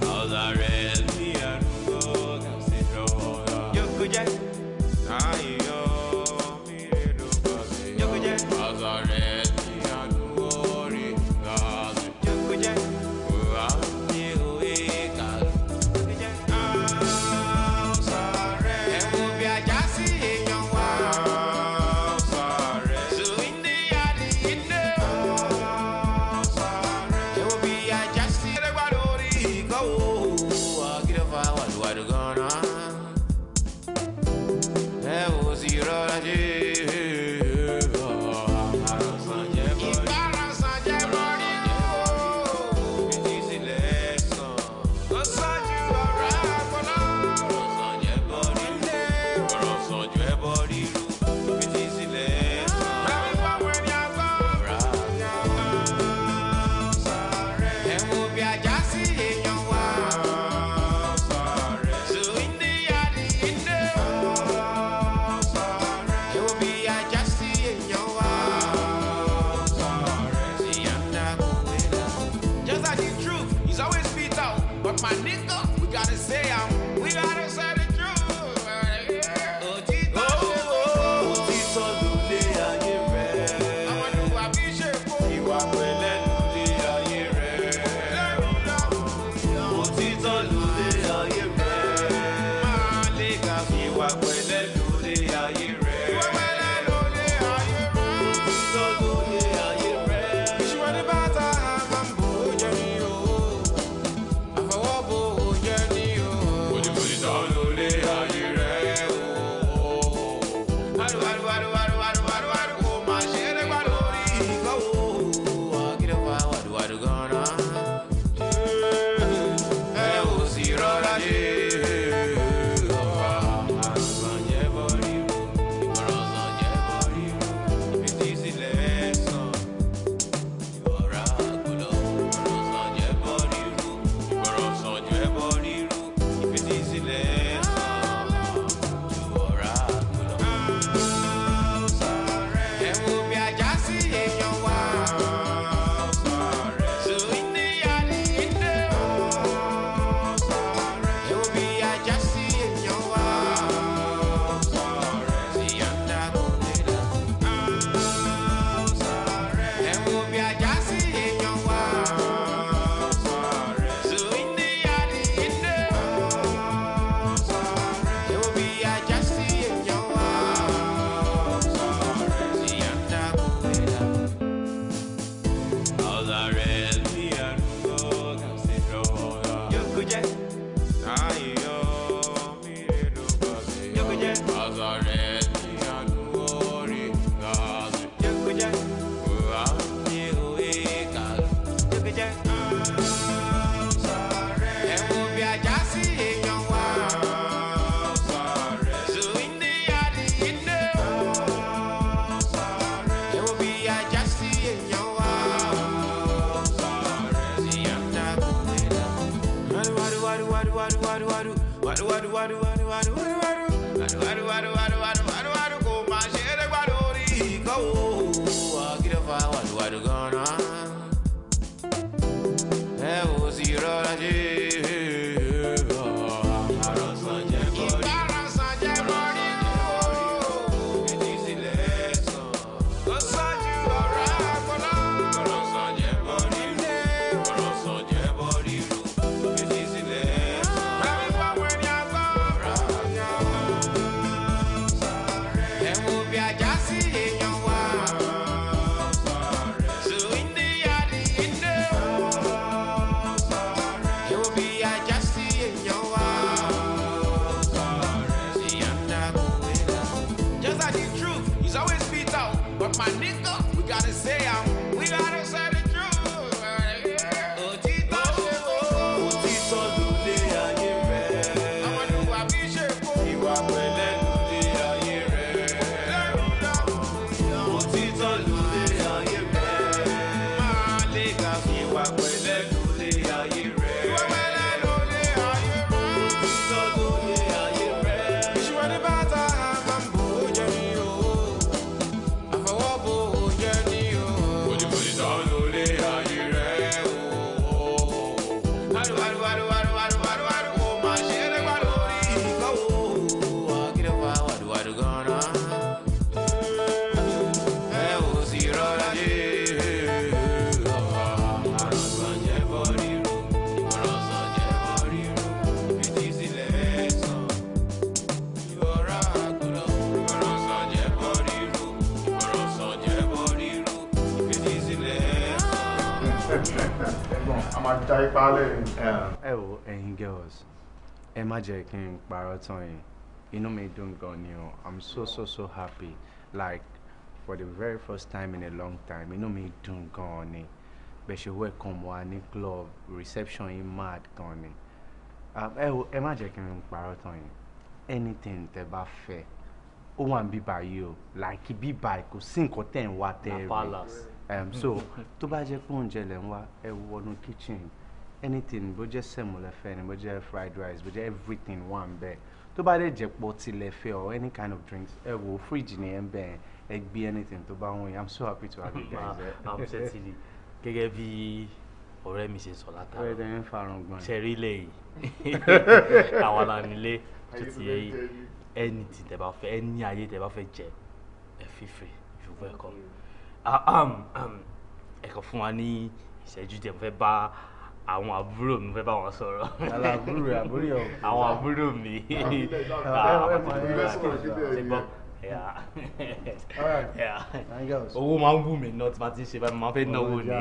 All the Kó máa ṣe é dé gbàdúrà orí ìkọ́wò. máa já ẹ wo ẹ̀yin girls ẹ má jẹ́ kí n parọ́ tán yìí inú mi dùn gan ni o i'm so so so happy like for the very first time in a long time inú mi dùn gan ni bẹ́ẹ̀ ṣe welcome wa ní club reception yìí mad gan ni ah, ẹ wo ẹ má jẹ́ kí n parọ́ tán yìí anything tẹ́ bá fẹ́ ó wà ń bíbá yìí o like bíbá kò sí nǹkan tẹ̀ ń wá tẹ́ ẹ rí. Mm. so tó bá jẹ́ pé oúnjẹ lẹ̀ ń wá ẹ wọnú kitchen anything bó jẹ́ sẹ̀mú lẹ́fẹ́ ni bó jẹ́ fried rice bó jẹ́ everything wà ń bẹ̀ tó bá dẹ̀ jẹ́ pọ̀ tilẹ̀ fẹ́ or any kind of drinks ẹ wo fridge ni ẹ ń bẹ̀ ẹ gbé anything tó bá wọ̀n yìí i'm so happy to have you guys there. i'm certainly gẹ́gẹ́ bí ọ̀rẹ́ mi ṣe sọ látara ọ̀rẹ́ mi ń farun gbọ́n ṣe rí ilé yìí àwọn alanilé tó ti yẹ anything tẹ bá fẹ́ any ayé tẹ bá fẹ́ jẹ ẹ fífẹ́ you welcome. Ah, ẹ kàn fún wa ní ìṣẹ́jú díẹ̀ mo fẹ́ bá àwọn àbúrò mi fẹ́ bá wọn sọ̀rọ̀. àwọn àbúrò àbúrò yẹn. àwọn àbúrò mi. owó máa ń wù mí náà tí màá ti ń ṣe báyìí màá fẹ́ náwó ni.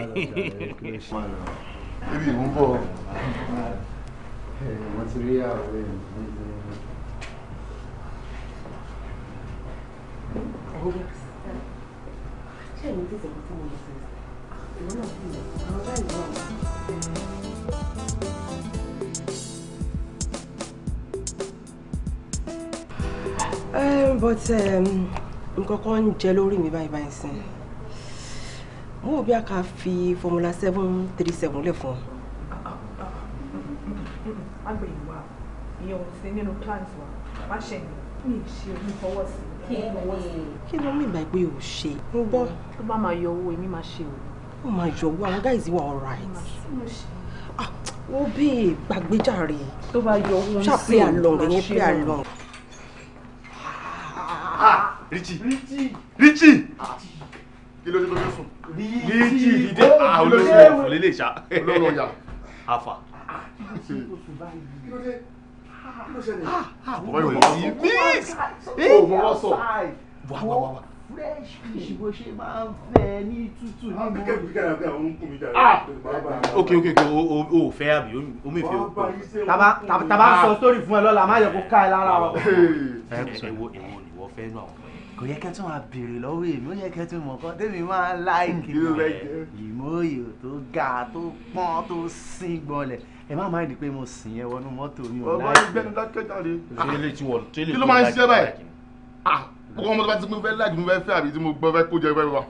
ibi ìwú bọ̀ wọ́n ti rí àwọn èèyàn ṣé ìlú tó fẹ̀mí fún mi fún mi ìwọ náà bí mi àwọn báyìí wà wá. but um, nǹkan kan ń jẹ lórí mi báyìí báyìí sí mo wò bí a kà fi formula seven three seven lẹ̀ fún ọ. agbèyìn wa ìyẹn ò sí nínú plans wa má ṣe ní ìṣe onífọwọ́sí kí ló mú ìgbà pé o ṣe ń gbọ́. tó bá máa yọ owó èmi máa ṣe o. ó máa yọ owó àwọn guys wà alright. ó ah, bí gbàgbéjàre. tó bá yọ owó ń sè é ṣàpè àlọ́ ìyẹn pé àlọ́. Ah, Richie ah, Richie kí ló dé tó fi sùn. Richie dìde àwọn oh, olóṣèlú lè ṣá. olóòrò ọ̀yà. afa. kí ló dé. Ah, ah, mix wà wà wà. fresh fish bó ṣe máa ń fẹ́ ní tútù ní mo. kíkẹ́ kíkẹ́ àti Ah, ń kú mi jáde. ok ok ok o ò fẹ́ àbí o mi fẹ́ o. tàbá ń sọ sórí fún ẹ lọ́la má yẹ kó ká ẹ lára wa. ẹ wo ẹ wo ni wọ́n fẹ́ nù àwọn kò yẹ kẹ́ tún máa béèrè lọ́wọ́ èmi ó yẹ kẹ́ tún mọ̀ kán tèmi máa láìkì náà ìmòye tó ga tó pọ́n tó sín gbọ́lẹ̀ ẹ má máa di pé mo sìn ẹ wọnú mọ́tò mi ò láì. ọba kí ló máa ń ṣe báyìí. ah gbogbo tó bá ti mú fẹ́ láì fẹ́ fẹ́ àbí tí mo gbọ́ fẹ́ kó jẹ fẹ́ wa.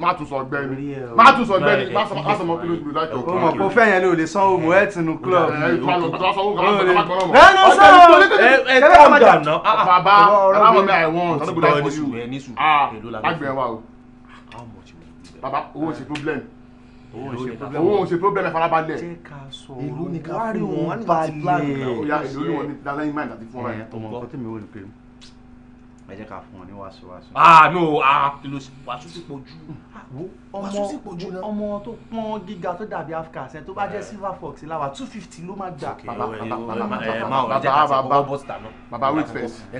má tún sọ ọgbẹ́ni má tún sọ ọgbẹ́ni má sọ ọmọ kúló kúló láti ọkọ. o mọ̀ fẹ́ yẹn ló lè san owó ẹ̀ tinú club. lẹ́nu sọ̀rọ̀ ẹ ẹ calm down na. Ah, bàbá aláwọ̀ mi àìwọ̀n ọ̀dọ́gbọ̀dá ìfọ̀yù àgbẹ̀ wa o. bàbá owó ti problem òun ò ṣe problem farabalẹ̀ ìlú ni ká fún wọn balẹ̀ ìlú ni wọn ní dáná ìmáà àti fún wọn. ọmọ nǹkan tí mi ò rí pé ẹ jẹ́ ká fún wọn ní wàásù wàásù. ah no ah kìlọ̀ wàásù sì pọ̀ jù ah, ah, wàásù sì pọ̀ jù náà. ọmọ tó pọ́n gíga tó dàbí afghan ṣe tó bá jẹ́ eh. silver fox láwa two fifty ló máa gbà. Eh, bàbá bàbá eh, bàbá bàbá wait first. ẹ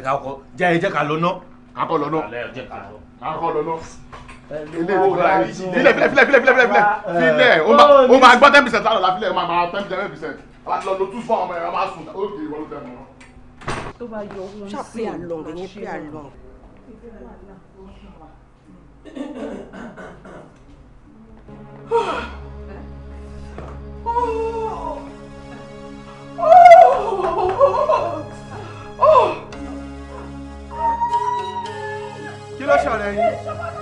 jẹ́ ká lọ ná. ká kọ́ lọ ná. ká kọ́ lọ ná ilé ìfúnra ilé filẹ filẹ filẹ filẹ filẹ filẹ filẹ o ah, ma ah. gbọ́ ten percent lánàá filẹ o ma ma ten percent percent ala lọ lótú fún ọmọ yẹn ma sùn ó di ìwọlú tẹ mọ. tó bá yọ owó ń sè lọ ní pé a lọ. kí ló ṣọ̀rọ̀ yín.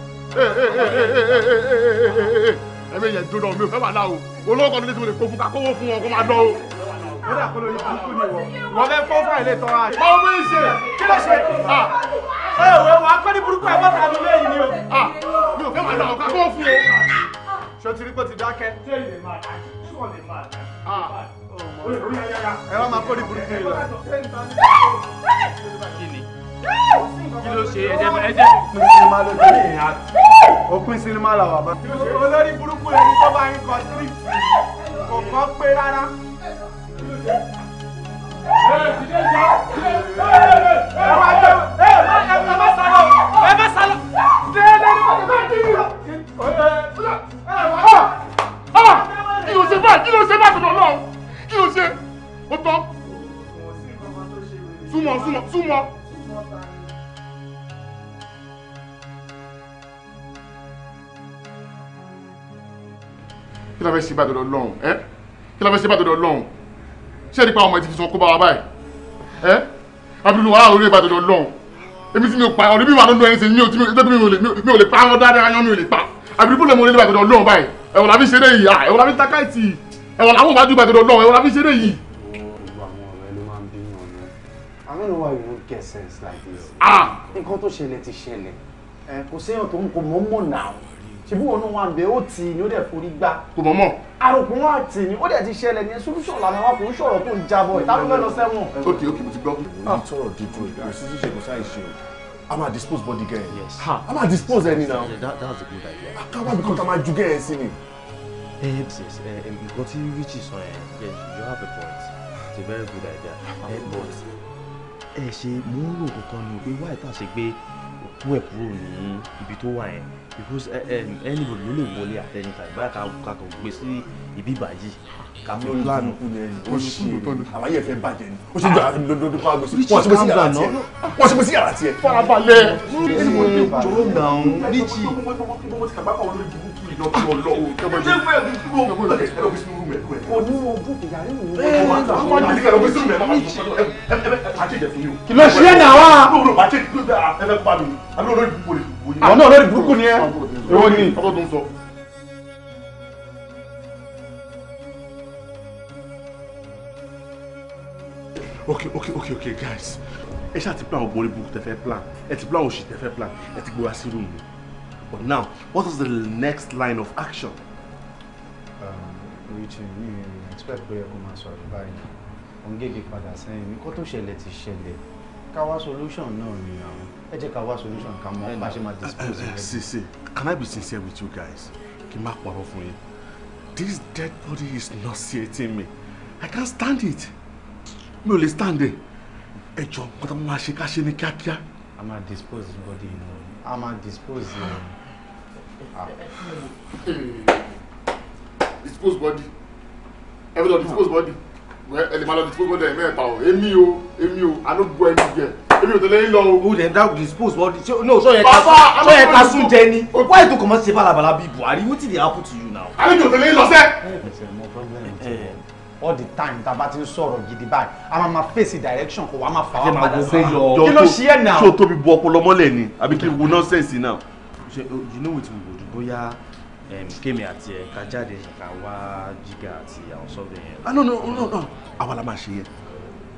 ẹ̀mí yẹn dúró mi ò fẹ́ wà láwo olówó kan ló dé tí mo lè kó fún ká kówó fún wọn kó máa dán o. ó dà kóló yìí kúkú ni wọ wọn fẹ́ fọ́ fún àìlè tọ́ra rẹ̀. ọmọ mi ṣe kí ló ṣe. ẹ ẹ wà á pẹ́ ní burúkú ẹ bá ta mi lẹ́yìn ni o. mi ò fẹ́ wà láwo ká kówó fún o. ṣé o ti rí pé o ti dákẹ́. ṣé ìlè máa dá ṣé wọ́n lè máa dá ẹ wá máa kó ní burúkú yìí lọ kí ló ṣe ẹ̀jẹ̀ ẹ̀jẹ̀ òpin sinimá ló dé ìrìn àjò òpin sinimá làwà bá. olórí burúkú lẹni tó bá ń kọ street kò kọ́ pé rárá. Kí ló ṣe báyìí? Kí ló ṣe báyìí? Kí ló ṣe? Ó tán. Súnmọ́ súnmọ́ súnmọ́. fẹ́ ṣe báyìí lọ́hùn ẹ́ kí la fẹ́ ṣe báyìí lọ́hùn ṣé nípa ọmọ ẹ ti fi sọ kó bá wa báyìí ẹ́ abúlé wa orí ìbàdàn lọ́dọ̀ lọ́hùn èmi tí mi ò pa ọ̀rẹ́ mi wà lọ́dọ̀ ẹni sẹ́ni mi ò tí mi ò lè pa ọ̀rọ̀ dáadáa yan mi ò lè pa abúlé bọ́lá mo rí ìbàdàn lọ́hùn báyìí ẹ̀wọ̀n la fi ṣeré yìí ẹ̀wọ̀n la fi I don't know why you don't get sense like this. Ah! Nǹkan tó ṣẹlẹ̀ ti ṣẹlẹ̀. Kò séèyàn tó ṣebí wọn náà wà ń bẹ ó tì ní ó dẹ̀ forí gbá. kò mọ̀ mọ̀. àròkùn wà tì ní ó dẹ̀ ti ṣẹlẹ̀ ní solution làwọn wà kò ń sọ̀rọ̀ kó ń jábọ̀ ìtàkùn fẹ́ lọ sẹ́wọ̀n. ó kì ó kì í mo ti gbọ́. ó ní tọrọ dídùn ìgbà kò sí ṣíṣe kò sáà ìṣe o a máa dispose body girl. yes a máa dispose ẹni na. that that's a good idea. akawa because a máa ju girl sí ni. ẹ ẹ sis ẹ ẹ nǹkan tí rich sọ yẹn yes you have a point it's a very good idea ẹ eh, but ẹ eh, ṣe mò ń rò kankan ni pé wáyé tá a ṣe gbé òkú ẹ kúrò ní ibi tó wà yẹn because anybody ló lè wọlé at any time báyà ká ká kò gbé sí ibi ìbàjì ká mú un lánàá kú lẹ́yìn ó ṣe àwọn ayé ẹ̀fẹ̀ bàjẹ́ ni ó ṣe jọ àfi lọ́dún kó àgbèsè wọ́n ṣe pé sí yàrá tiẹ̀ wọ́n ṣe pé sí yàrá tiẹ̀. farabalẹ̀ anybody jọ̀rọ̀ nà ń ríjì. kìlọ̀ ṣe é nà wá wọn náà lórí burúkú ni ẹ èwo ni. ok ok ok ok guys ẹ ṣáà ti plan ògbóni burúkú tẹfẹ plan ẹ ti plan òṣì tẹfẹ plan ẹ ti gbé wá sí room but now what is the next line of action. richard mi ò expect pé ẹ kò máa sọ̀rọ̀ báyìí òun gègé padà sẹ́yìn nǹkan tó ṣẹlẹ̀ ti ṣẹlẹ̀ káwá solution náà ni àwọn ẹ jẹ́ ká wá solution ká mọ̀ bá ṣe máa dispose of it. sise can i be sincere with you guys kí n má parọ́ fún yín this dead body is nauseating me i can't stand it mi ò lè stand it ẹ jọ nǹkan tó máa ṣe ká ṣe ní kíákíá. a máa dispose the body you know a máa dispose the. Ah. dispose body everybody dispose body ẹ lè máa lọ dispose body ẹ mẹ́ẹ̀ta o èmi o èmi o i no go anywhere èmi ò tẹ̀lé yín lọ o. o dem that dispose but no so yẹ ka so yẹ ka sun jẹ ni why to comot say balabala be Buhari wetin dey happen to you now. àbí mi ò tẹ̀lé yín lọ sẹ́. Eh, eh, all the time tá a bá ti ń sọ̀rọ̀ gidi báyìí a máa ma face direction kò wá máa fà wá padà sí i kí ló ṣe é náà. ṣé o tóbi bu ọpọlọ mọ́lẹ̀ ni àbí kí wo nọ́ọ̀sẹ̀sì náà. you know wetin we go do bóyá kémi àti ẹ̀ ká jáde ká wá jíga àti àwọn sọ́ọ̀bù yẹn. ah no no no no àwa la máa ṣe yẹn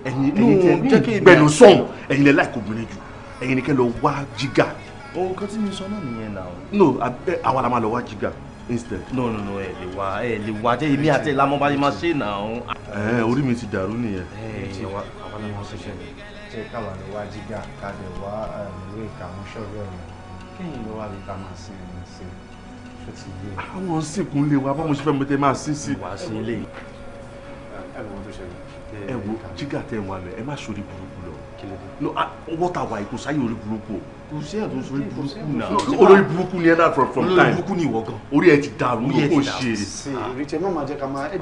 ẹ̀yin ẹ̀yin tẹ gbẹnu sọ̀n ẹ̀yin lẹ láìkó obìnrin jù ẹ̀yin ni kẹ́ lọ wá jígà. ohun kan tí mi sọ náà nìyẹn náà. no àwa la máa lọ wá jígà instead. no no no ẹ lè wá ẹ lè wá jẹ́ èmi àti ìlànà bá yẹ máa ṣe náà. ẹ orí mi ti dàrú nìyẹn. ẹ ẹ àwa la máa ṣe ṣẹlẹ̀ ṣe káwa lọ wá jígà ká lè wá ìwé um, ìkàmúṣọ́rẹ́ ọ̀rẹ́ kéyìn lọ wá lè ká máa sin ẹ̀yìn sí i. àwọn sìnkú lè wá báwo ṣe fẹ́ mi tẹ́ máa sí sí. wàá sí ilé yìí ẹwọ tó ṣẹlẹ̀. ẹwọ jígà tẹ wọn àmì ẹ má sori burúkú lọ no ọwọ́ ta wà kò sáyé orí burúkú o kò sí ẹ̀ tó sori burúkú náà olórí burúkú ni ẹ náà from from time burúkú ni ìwọ gan orí ẹ ti dàrú ló kò ṣe. ìrìtẹ̀ náà máa jẹ́ ká máa ẹ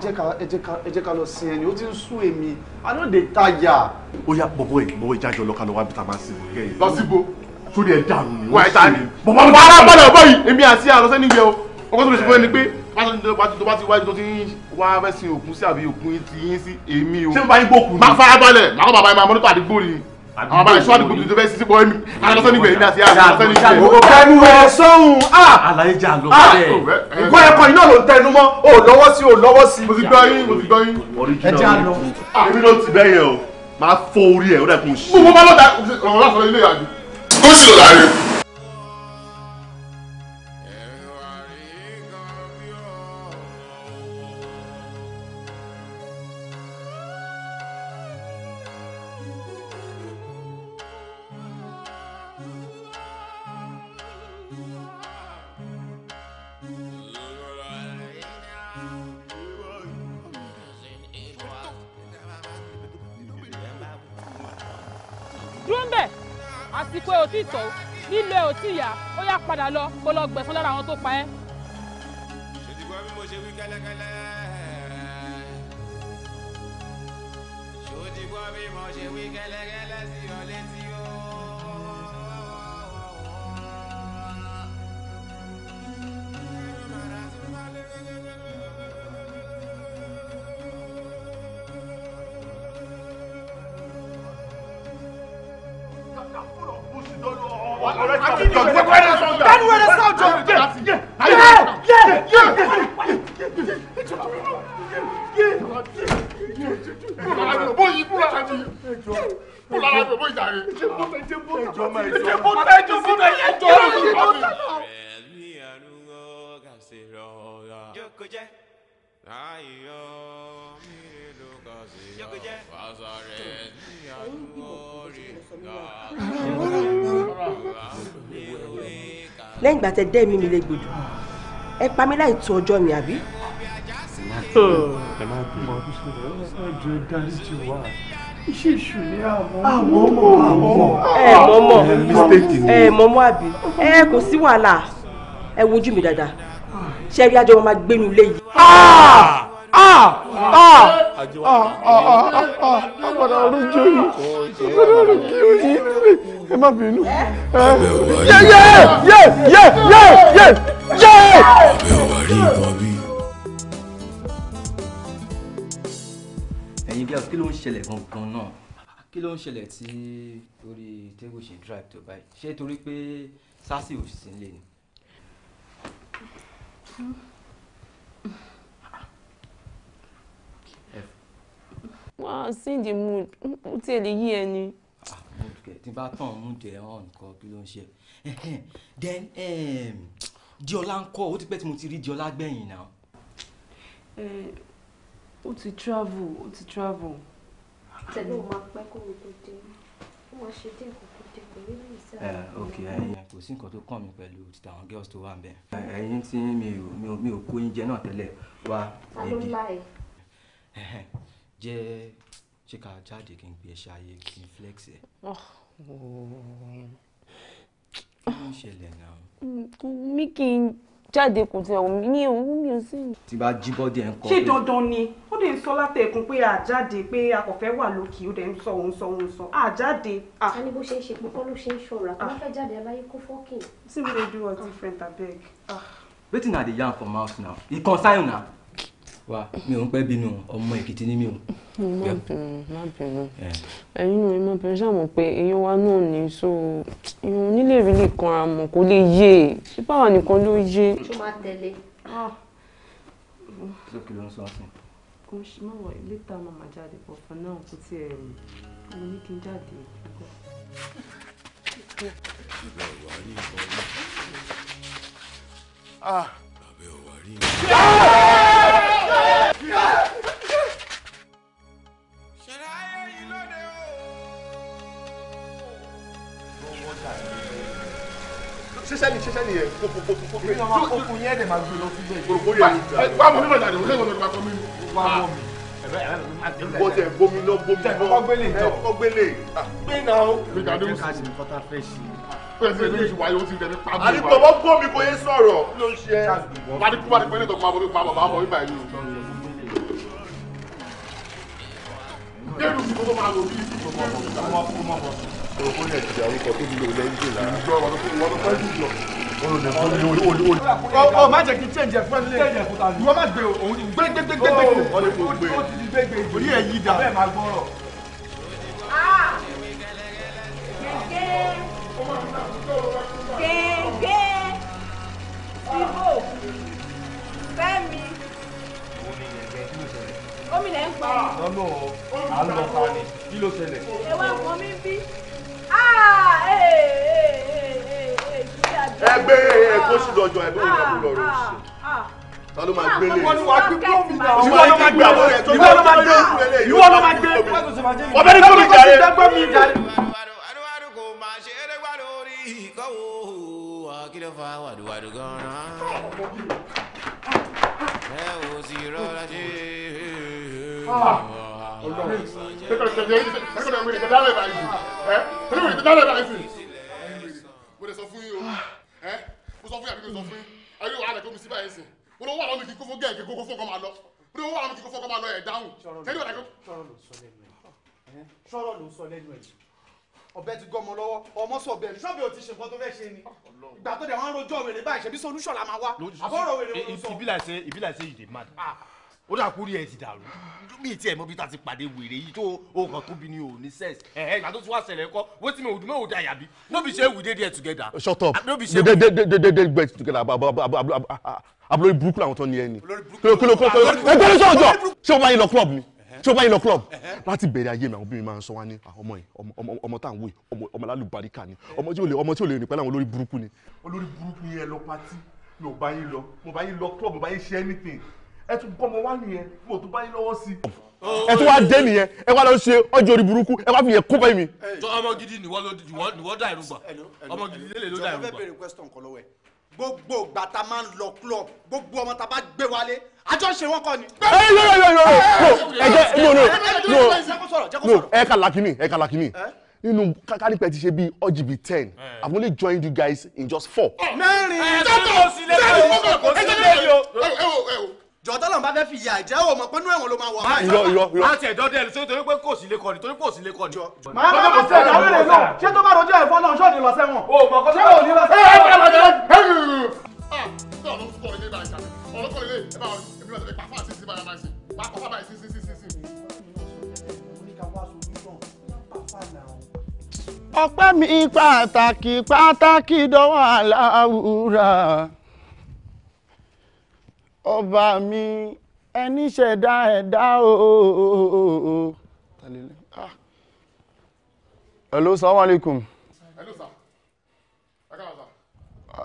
jẹ́ ká lọ sí ẹni ó ti ń sún èmi àná de táyà. ta máa ó ṣe é. bọ̀bọ̀ bọ̀bọ̀ yìí èmi àti àlọ́sẹ́ nígbẹ́ o ọkọ̀ tó lè pásítọ̀ ní tó bá ti wáyé tó ti ń wá fẹ́ sin òkun sí àbí òkun ti yín sí èmi o. ṣé n bá yín gbókùn ni. máa fara balẹ̀ máa kọ́ bàbá yín máa mọ́tò àdúgbò ni. àwọn bàbá yín àdúgbò tó fẹ́ sísí bọ́ mi. àlọ́sọ́ nígbà èmi àti àlọ́sọ́ nígbà èmi. o tẹnu ah! jà ló ah! bẹ́ẹ̀. ìkọ́ ẹ̀kọ́ iná ló ń tẹnu mọ́ ò tí yá ó yá padà lọ kó lọ gbẹ̀san lára àwọn tó pa ẹ́. ṣètìgbọ́ bí mo ṣe wí kẹ́lẹ́kẹ́lẹ́ ṣòtìgbọ́ bí mo ṣe wí kẹ́lẹ́kẹ́lẹ́ sí. That way the sound jump. Yeah, yeah, yeah, yeah. Ayo, mi lo gazi, fazare, ni anu ori, gazi lẹ́yìn ìgbà tẹ dẹ́ mi mi lè gbòdò ẹ pa mí láì tó ọjọ́ mi àbí. ẹ má bí mọ ọjọ́ dáríjì wá iṣẹ́ ìṣù ni àwọn ọmọ ẹ mọ́mọ́ ẹ mọ́mọ́ àbí ẹ kò sí wàhálà ẹ wojú mi dáadáa ṣe rí àjọ wọn máa gbénu lé yìí. Ah! ọ̀pọ̀lọpọ̀ orúkọ yìí ọ̀pọ̀lọpọ̀ orúkọ yìí ẹ má bínú. yẹ yẹ yẹ yẹ yẹ yẹ yẹ. ọbẹ̀ bí. ẹ̀yin kí ló ń ṣẹlẹ̀ gangan náà kí ló ń ṣẹlẹ̀ tí orí tébù ṣe drive tó báyìí ṣé torí pé sásì ò sí nílé ni. wá sí the mood ó tiẹ̀ lè yí ẹni. Ah, tí bá tàn mú jẹ hàn nǹkan kí ló ń ṣe then diola ń kọ́ ó ti pẹ́ tí mo ti rí diola gbẹ̀yìn náà. ó ti travel ó ti travel. tẹ̀lé o máa pẹ́ kó o tó dé ó máa ṣe dé nǹkan kó dé pẹ̀lú ìlú ìsẹ́ àwọn. ok ẹyin kò sí nǹkan tó kàn mí pẹ̀lú títà àwọn girls tó wà ń bẹ̀. ẹyin tí mi ò mi ò kó oúnjẹ náà tẹ́lẹ̀ wá. ta ló láì jẹ́ ṣé ká jáde kí n gbé ẹṣẹ ayé kí n flex ẹ. Ah, kí ló ń ṣẹlẹ̀ náà. mi kì í jáde kò tẹ̀ omi ní òun mi ò sí. tí bá jí bọ́dí ẹ̀ ń kọ́. ṣé dandan ni ó dẹ̀ ń sọ látẹ̀kùn pé àjáde pé akọ̀fẹ́ wà lókì ó dẹ̀ ń sọ òun sọ òun sọ àjáde. a ní bó ṣe ń ṣe púpọ̀ ló ṣe ń ṣọ́ra tó bá fẹ́ jáde aláyé kó fọ́ọ̀kì. see we dey do us different abeg. Ah. wetin i dey yarn for mouth now e concern una wa mi ò ń pẹ́ bínú ọmọ èkìtì ni mi ò. má bínú má bínú ẹ̀yin náà ẹ má pé èèyàn wa náà ní so èèyàn onílé rí lè kanra mọ̀ kó lè yé e ṣé báwa nìkan ló yé. ṣó máa tẹ̀lé. Ah. ṣé kí ló ń sọ àsìn. kò ṣe má wọ létà màmá jáde pọ̀ fún náà kó tiẹ̀ mo ní kí n jáde. Ah! Bàbá ò wá rí nǹkan sẹ́ni sẹ́sẹ́ ni yẹ kókókókó pé ní ọmọ kókó yẹn dẹ̀ máa gbé lọ sílẹ̀ yìí. olùkórè yẹn ti dà. wàá mọ̀ nígbà tí àwọn olóògbé máa kọ́ mi. wàá mọ̀ mi. Bó tẹ bomi náà bomi náà. Kọ́ gbélé jọ. Kọ́ gbélé. Gbé náà o. Gbé náà o. Ká ṣe nǹkan tá a fẹ́ ṣe. Pẹ̀sẹ̀ ní oṣù wáyé ó ti dẹ́rù Ọ má jẹ́ kí change fún ẹ nílé. Ìwọ má gbé òun gbé gbé gbé ti di gbé gbé. Orí yí dà. Bẹ́ẹ̀ máa gbọ́rọ̀. omi lẹ ń pa ẹ. lọ́nà ah, à ń lọ ta ni kí ló ṣẹlẹ̀. ẹwà kan mi bí. Ah, eh, eh, eh, ẹgbẹ́ ẹ̀kọ́ sí lọ́jọ́ ẹgbẹ́ òun náà lọ́rọ̀ ah, sí. ta ló máa gbélé. ìwọ ló máa gbélé. ìwọ ló máa gbélé. ìwọ ló máa gbélé. ìwọ ló máa gbélé. ọbẹ̀ ní gómìnà jàre. Akílọ̀fà wàdùwàdù gan-an. Ẹ ò sì rọra ṣe é. Ọlọ́run tẹkọtẹ wẹrẹ tẹdá lẹ báyìí ẹ tẹdá wẹrẹ tẹdá lẹ báyìí mo lè sọ fún yín o ẹ mo sọ fún yàrá mi sọ fún yín ayé wa àlẹ kó mi sí báyìí sìn mo lọ wà lọ́nà kí kókó gẹ̀ẹ́gẹ́ kókó fún ọkọ máa lọ mo lọ wà lọ́nà kí kókó fún ọkọ máa lọ ẹ̀ dáhùn tẹ́lẹ̀ wà lẹ́kọ́. sọ̀rọ̀ ló sọ lẹ́nu ẹ̀ sọ̀rọ̀ ló sọ lẹ́nu ẹ̀ ọbẹ̀ ti gọmọ lọ́wọ́ ọmọ sọ bẹ́ẹ̀ ṣọ́ọ̀bù ò ti ṣe nǹkan tó fẹ́ ṣe ni ìgbà tó dẹ̀ wọ́n ń rojọ́ wèrè báyìí ṣebí solution la máa wá ah. àbọ̀rọ̀ wèrè ló sọ. ìbílẹ̀ ṣe ìbílẹ̀ ṣe you dey mad ó dà kúrì ẹ̀ ti dàrú mi ti ẹ̀ mọ bí ta ti pàdé wèrè yìí tó ohun tóbi ni ò ní sex ẹ̀ ẹ̀ ìgbà tó ti wá ṣẹlẹ̀ kọ́ wọ́n ti mi òdùmọ̀ òdà yàbí no be say we dey there together. shut up no be say we dey dey dey dey gbẹ together abúlé burúkú làwọn tó ní ẹ ni kílò kílò kílò kílò ẹ gbẹ́rẹ́ sọ̀rọ̀ jọ ṣé o bá yín lọ club ni ṣé o bá yín lọ club láti bẹ̀rẹ̀ ayé mi àwọn obìnrin máa ń sọ wá ní ọmọ yìí ọmọ tá à ń wò yìí ọmọ lálùbáríkà ni ọmọ tí ò lè ọmọ tí ò lè rìn pẹ̀lú àwọn olórí burúkú ni. olórí burúkú yẹn lọ pátì mi ò bá yín lọ mo bá yín lọ club mo bá yín ṣe anything ẹ tún bọ́mọ wá nìyẹn mo tún bá yín lọ́wọ́ sí i ẹ tún wá dé nìyẹn ẹ wá lọ ṣe ọjọ́ orí burúkú ẹ wá fi yẹn kó bẹ́ẹ̀ mi. ọmọ gidi nìwọ ló nìwọ irun gbà ọmọ gidi lélẹ̀ ló dá irun gbà. jọ̀wọ́ fẹ́ bèrè question kan lọ́wọ́ ẹ̀ gbogbo gbàtà máa ń lọ club gbogbo ọmọ tá gbé wálé àjọṣe wọn kọ́ ni. ẹ ẹ yọrọ yọrọ ẹ jẹ no no ẹ kà lakini ẹ kà lakini nínú kánípẹ̀ ti ṣe bí ọjì bíi ten i only joined you guys in just four. mẹ́rin tọ́tọ̀ sílẹ̀ ẹ̀ ẹ̀ ẹ̀ ẹ̀ ẹ̀ ẹ̀ ẹ̀ jọ̀dọ́lọ̀ bá fẹ́ fi ìyà ìjẹ́ ò mọ̀ pé inú ló máa wà. Ah, irọ́ irọ́ irọ́. láti ẹ̀dọ́ dẹ́ ẹ̀lú torí pé kò sí lè kọ́ni torí kò sí lè kọ́ni. màá bá bá sẹ́yìn àwọn èrè náà ṣé tó bá rojú ẹ̀fọ́ náà ṣọ́ọ̀dì lọ o mọ̀ kọ́ sẹ́wọ̀n ní lọ sẹ́wọ̀n. Ah, ọpẹ́ mi pàtàkì pàtàkì dọ́wọ́ àlàáwúrà ọba mi ẹni ṣẹ̀dá ẹ̀dá ooo. Ah. hello salaam alaikum. hello sir. ẹ káàbọ̀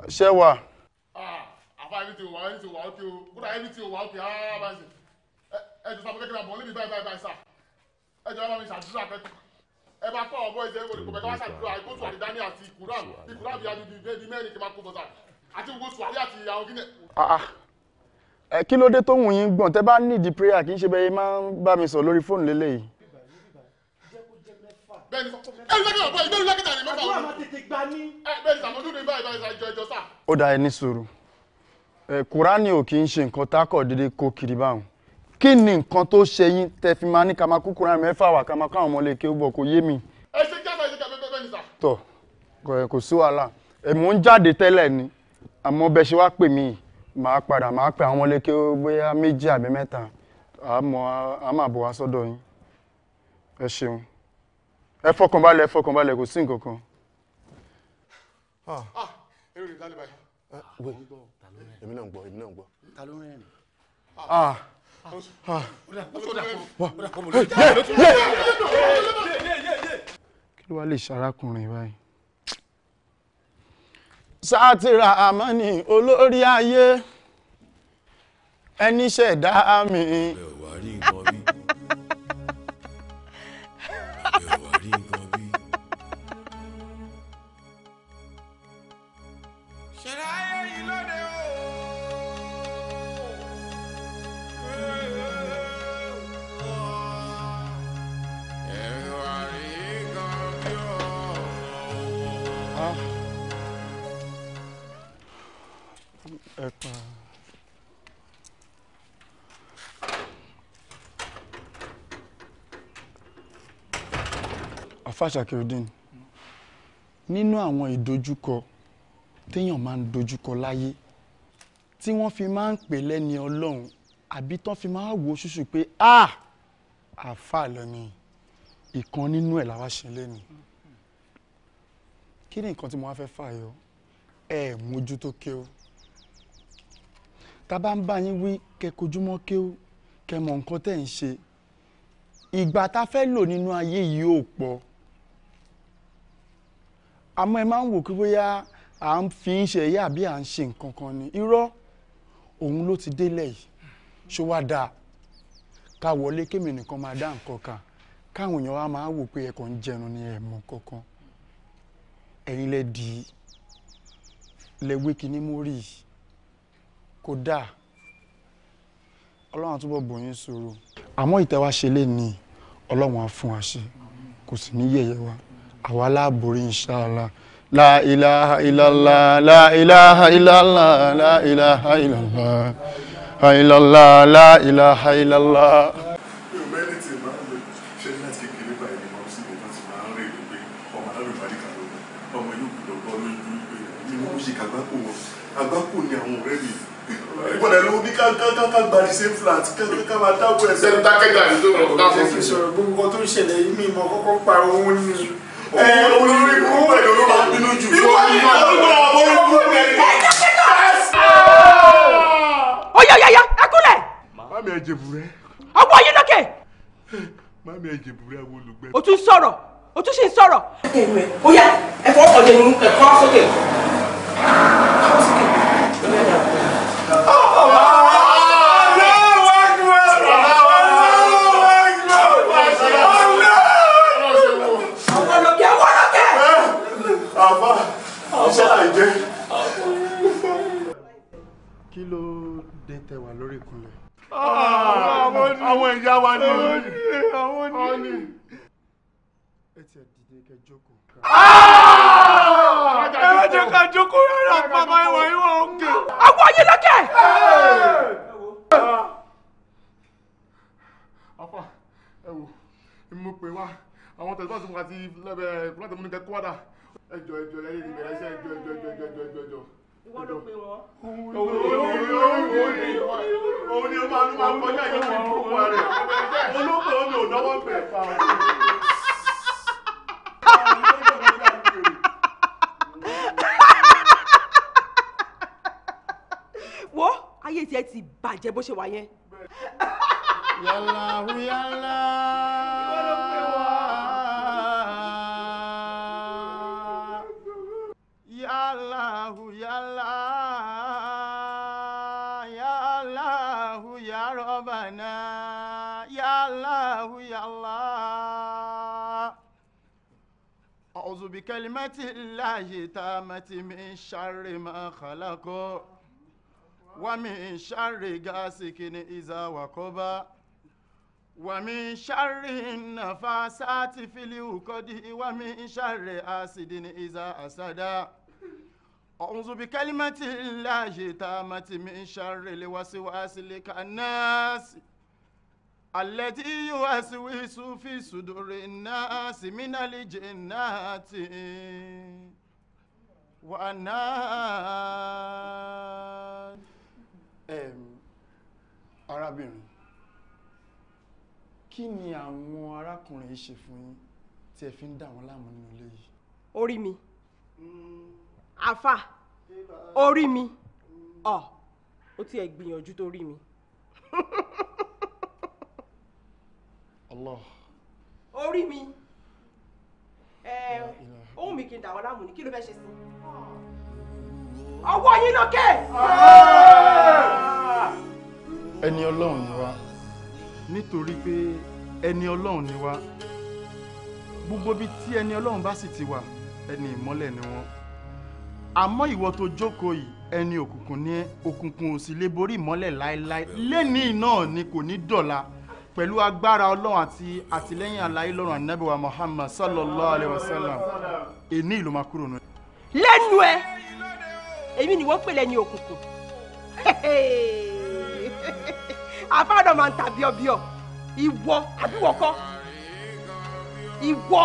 sir. ṣé wà. Ah, àfa ẹni tí o wà ẹni tí o wà ókè o kódà ẹni tí o wà ókè á bá ṣe ẹ jù sábà kékeré àbọ̀ níbi báyìí báyìí báyìí sà ẹ jọ ẹ bá mi ṣàdúrà kẹtù ẹ bá kọ́ ọ̀bọ ẹ̀jẹ̀ ìwòlè kò bẹ̀ ká wá ṣàdúrà ìkóso àdìdání àti ìkúrà ìkúrà bíi adìdí mẹ́rin kí n bá kó bọ̀ ẹ kí ló dé tó wù yín gbọ̀n tẹ́ bá nídìí prayer kì í ṣe bẹ́ẹ̀ máa ń bá mi sọ lórí fóònù lélẹ́yìí. ó dá ẹ ní sùúrù kùránì ò kì í ṣe nǹkan tákọ̀ dédé kó kiri báwọn kí ni nǹkan tó ṣe yín tẹ́ fi máa ní ká máa kú kùránì mẹ́fà wà ká máa káwọn ọmọ lè ké bọ̀ kó yé mi. ẹ ṣe kí ẹ ṣe kí ẹ bẹ́ẹ̀ bẹ́ẹ̀ tọ̀ kò sí wàhálà èmi ń jáde tẹ́lẹ̀ ni àmọ́ bẹ́ẹ̀ ṣe wá pè mí yìí máa padà máa pe àwọn ọmọléke bóyá méjì àbí mẹ́ta àmọ́ a máa bọ̀ wá sọ́dọ̀ yín ẹ ṣeun ẹ fọkànbalẹ̀ ẹ fọkànbalẹ̀ kò sí nǹkan kan. èrò ìdálé báyìí. èmi náà ń gbọ́ èmi náà ń gbọ́. ta ló rìn rìn. kí ló wá lè ṣe arákùnrin báyìí sátìrà àmọ́ni olórí ayé ẹni ṣẹ̀dá mi. fàṣàkìrìdìn nínú àwọn ìdojúkọ téèyàn máa ń dojúkọ láyé tí wọ́n fi máa ń pè lẹ́ni ọlọ́run àbí tán fi máa wò ó ṣùṣù pé a ah, àfa lẹ́ni ìkan nínú ẹ̀ làwa ṣe lẹ́ni kí ni nǹkan tí mo wá fẹ́ fààyọ ẹ mójú tó kéwò tá a bá ń bá yín wí kẹkojúmọ́ kéwò kẹmọ nǹkan tẹ̀ ń ṣe ìgbà tá a fẹ́ lò nínú ayé yìí ò pọ̀ àmọ́ ẹ máa ń wò kí bóyá à ń fi ń ṣe ẹ̀yà àbí à ń ṣe nǹkan kan ni irọ́ òun ló ti délẹ̀ yìí ṣó wá dáa ká wọlé kémi nìkan máa dá nǹkan kan káwọn èèyàn wa máa wò pé ẹ ń jẹun ni ẹ mọ kankan ẹ̀yin lẹ di lẹwé kínní mórí kódà ọlọ́run túbọ̀ bò yín sọ̀rọ̀ àmọ́ ìtẹ́wá ṣe lé ní ọlọ́run á fún wa ṣe kò sì ní yẹ̀yẹ́ wa àwa aláàbòrí inshallah la ilaha illallah la ilaha illallah la ilaha illallah la illallah la ilaha illallah. agbáko ni àwọn ọ̀rẹ́ mi ìpọ̀nà ló ní kákákáká gba the same flat kákáká máa dábò ẹ̀ sẹ́ni dákẹ́gbà ní tó lọ́ọ́ ká fọ́ fún mi. sọ̀rọ̀ gbogbo tó ń ṣẹlẹ̀ yìí mímọ́ kọ́kọ́ pariwo ní ẹ olórí burúkú ẹ̀ ló máa ń bínú jù. bí wọ́n ní ọ̀rọ̀ ìgbọ̀nà olórí burúkú ẹ̀ ní. ó yá yá yá ẹ kúnlẹ̀. mami ẹ jèbù rẹ. ọwọ́ yín lókè. mami ẹ̀kọ́ sókè. kúnlẹ̀. Ah, àwọn ìyá wa ni àwọn ni. ẹ ti ẹ̀ dìde kẹ́ jókòó. Ah! ẹ má jẹ́ ká jókòó rárá bàbá ìwà ìwà òkè. àwọn ayé lọ́kẹ́. Ah! afa ẹ wo mo pè wá àwọn tẹ̀síwájú fún wa ti lẹ́bẹ̀ẹ́ fúlàtẹ̀mú ní kẹ́kọ́ wádà ẹjọ ẹjọ ẹyẹ ìbẹ̀rẹ̀ iṣẹ́ ẹjọ ẹjọ ẹjọ ẹjọ ẹjọ ẹjọ ìwọ ló pe wọn. òun ni òun ni ó ayé tiẹ̀ ti bàjẹ́ bó ṣe wà yẹn. yàrá yàrá. أعوذ بكلمة الله تامة من شر ما خلق ومن شر غاسق إذا وقب ومن شر النفاسات في العقد ومن شر حاسد إذا أسد أعوذ بكلمة الله تامة من شر الوسواس الخناس alẹ́tí yóò aṣíwíṣú fi ṣùdúrì náà símínàlì jẹ́ náà ti wà náà. arábìnrin kí ni àwọn arákùnrin yìí ṣe fún yín tí ẹ fi ń dà wọ́n láàmú nínú ilé yìí. orí mi hmm. àfà orí mi ọ ó tiẹ̀ gbìyànjú tó rí mi. Allah. orí mi ohun mi kì í dàwọ́ láàmú ni kí ló fẹ́ ṣe sí ọwọ́ yín lókè. ẹni ọlọ́run ni wá nítorí pé ẹni ọlọ́run ni wá gbogbo bíi tí ẹni ọlọ́run bá sì ti wà ẹni ìmọ́lẹ̀ ni wọ́n àmọ́ ìwọ tó jókòó yìí ẹni òkùnkùn ni òkùnkùn ò sì lè borí ìmọ́lẹ̀ láéláé lẹ́ni náà ni kò ní dọ̀la pẹ̀lú agbára ọlọ́run àti àtìlẹ́yìn àlàyé lọ́rùn ànábìwá muhammad sallallahu alayhi wa sallam èní ìlú máa kúrò nù. lẹ́nu ẹ èmi ni wọ́n pè lẹ́ni òkùnkùn àfáàdọ̀ máa ń ta bíọ́bíọ́ ìwọ àbíwọ̀kọ́ ìwọ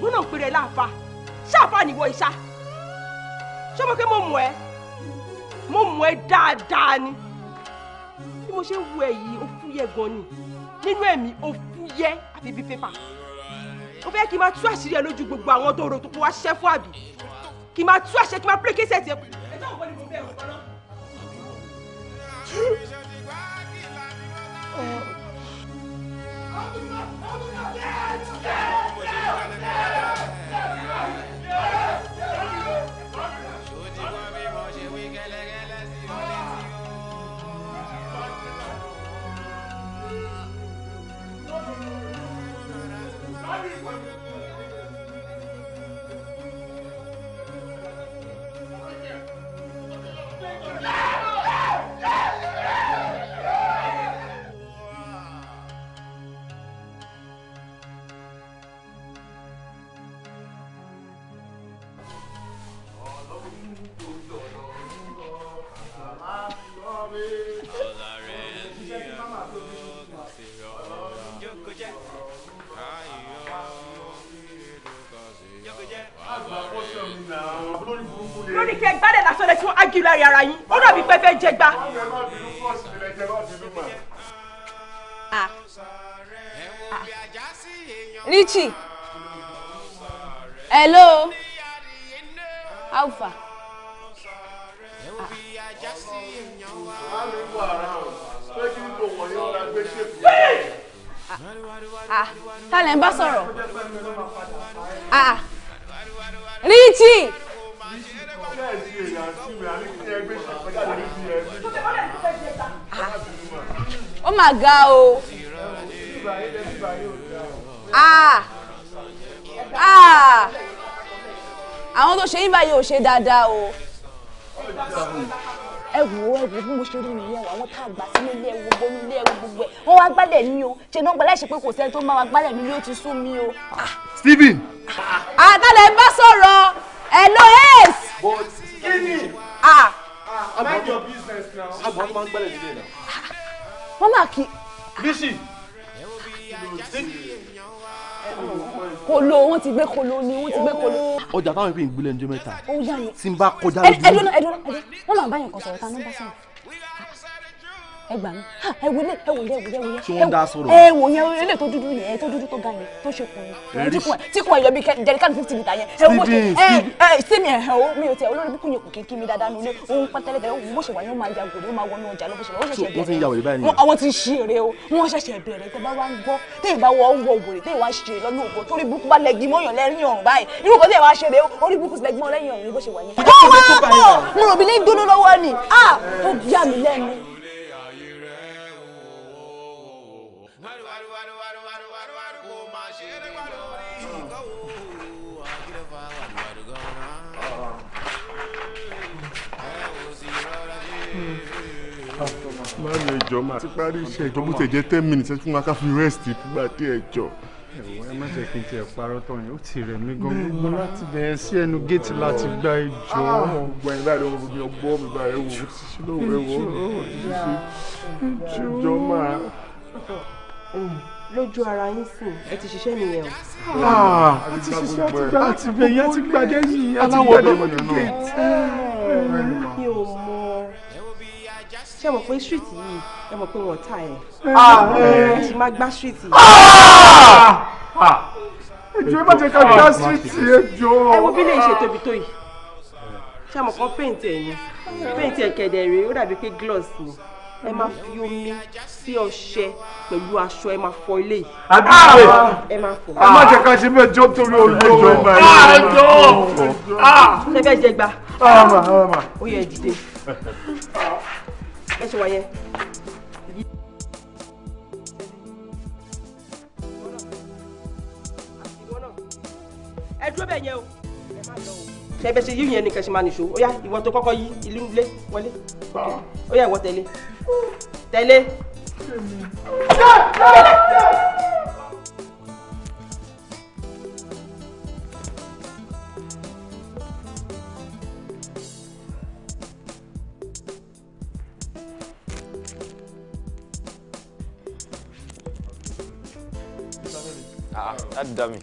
wọn náà láàfa ṣáàfà níwọ ìṣá ṣé mo kí mo mọ̀ ẹ́ mo mọ̀ ẹ́ dáadáa ni bí mo ṣe ń wo ẹ yìí ó fúyẹ́ gan ni nínú ẹ̀mí ó fúyẹ́ àfi bíi pépà ó fẹ́ kí n máa tú àṣírí ẹ lójú gbogbo àwọn tó rò tó kó wá ṣiṣẹ́ fún àbí kí n máa tú àṣẹ kí n máa pèlè kéṣẹ̀ tiẹ̀ kù. mà ga o. àwọn tó ṣe yín báyìí ò ṣe dáadáa o. Oh. ẹ wò ẹ wò bí mo ṣe rí nìyẹn àwọn tá a gbà sílé ilé ẹwọ gbogbo ilé ẹwọ gbogbo ẹ wọn wá gbálẹ̀ mi o ṣe náà gbálẹ̀ ṣe pé kò sẹ́ni tó máa wá gbálẹ̀ mi ló ti sú mi o. Oh. Ah. Stephen. àtàlẹ̀ ń bá sọ̀rọ̀ ẹ̀ ló ace. but kí ni. ah. ah mind your business now. agbọn máa ń gbálẹ̀ nílé náà. Ah wọ́n máa kí. bísí kolo wọn ti gbé kolo ni wọn ti gbé kolo. ọjà táwọn ìpín ìgbìlẹ̀ ń jẹ mẹ́ta tí n bá kọjá lójú. ẹ ẹ dúró ẹ dúró ẹ dúró wọn máa bá yẹn kọ sọ̀rọ̀ ní bá sọ̀rọ̀ ẹ gbà mí ẹ wo ilé ẹ wo ilé ẹ wo ilé ẹ wo ilé. tí wọ́n dá sọ̀rọ̀. ẹ wo yẹn ilé tó dúdú yẹn tó dúdú tó ga yẹn tó ṣe kùn yẹn tí kùn ẹ yọ bí jẹrìkan fifty litre yẹn. stephen ẹ sí mi ẹ o mi ò tiẹ̀ olórí bíkún yẹn kò kí n kí mi dáadáa nulẹ̀ òun pátẹ́lẹ̀ tẹ́lẹ̀ òun bó ṣe wà ní o máa jago ní o ọjà ló bó ṣe wà ó ṣẹ̀ṣẹ̀ ṣe bẹ̀rẹ̀ ẹjọ́ máa ti parí iṣẹ́ ìjọ bó ti jẹ́ ten minutes fún wa ká fi rest fúgbà tí ẹjọ́. ẹ̀wọ̀n ẹ má jẹ́ kí n tiẹ̀ parọ́ tán yẹn ó ti rẹ̀ mí gan gbogbo láti bẹ̀rẹ̀ sí ẹnu géètì láti gba ẹjọ́. ọgbà yẹn láti ọmọ mi ọgbọ́ mi bá ẹ wò ṣíṣílò ẹ wò máa. lójú ara yín sìn ẹ ti ṣiṣẹ́ nìyẹn o. Ah, a ti ṣiṣẹ́ àti gba àti bẹ̀yẹ àti gbadẹ́yìn aláwọ̀ ṣé ẹ mọ̀ pé street yìí ẹ mọ̀ pé wọ́n ta ẹ̀ ah, ẹ eh. ti máa gbá street yìí. ìjọ ah! ah! ẹ má jẹ ká gbá street yìí jọ. ẹ wo bí lè ṣe tóbi tó yìí ṣé mọ̀ pé paint ẹ̀ ni paint ẹ̀ kẹ̀dẹ̀ rèé ó dàbí pé gloss ni ẹ máa fi omi sí ọṣẹ pẹ̀lú aṣọ ẹ máa fọ ilé yìí. àdúgbò ẹ máa fọ. ẹ má jẹ ká ṣe bẹ́ẹ̀ jọ torí olówó àjọ. ṣé bẹ́ẹ̀ jẹ gba. ó yẹ dìde. ẹ ṣe wáyé. ẹ dúró bẹ́ẹ̀ yẹn o ṣe bẹ ṣe yíyún yẹn nìkan ṣe máa nìṣó ó yá ìwọ tó kọ́kọ́ yí ìlú lé wọlé ó yá ìwọ tẹ̀lé tẹ̀lé. ah dáàdì dá mi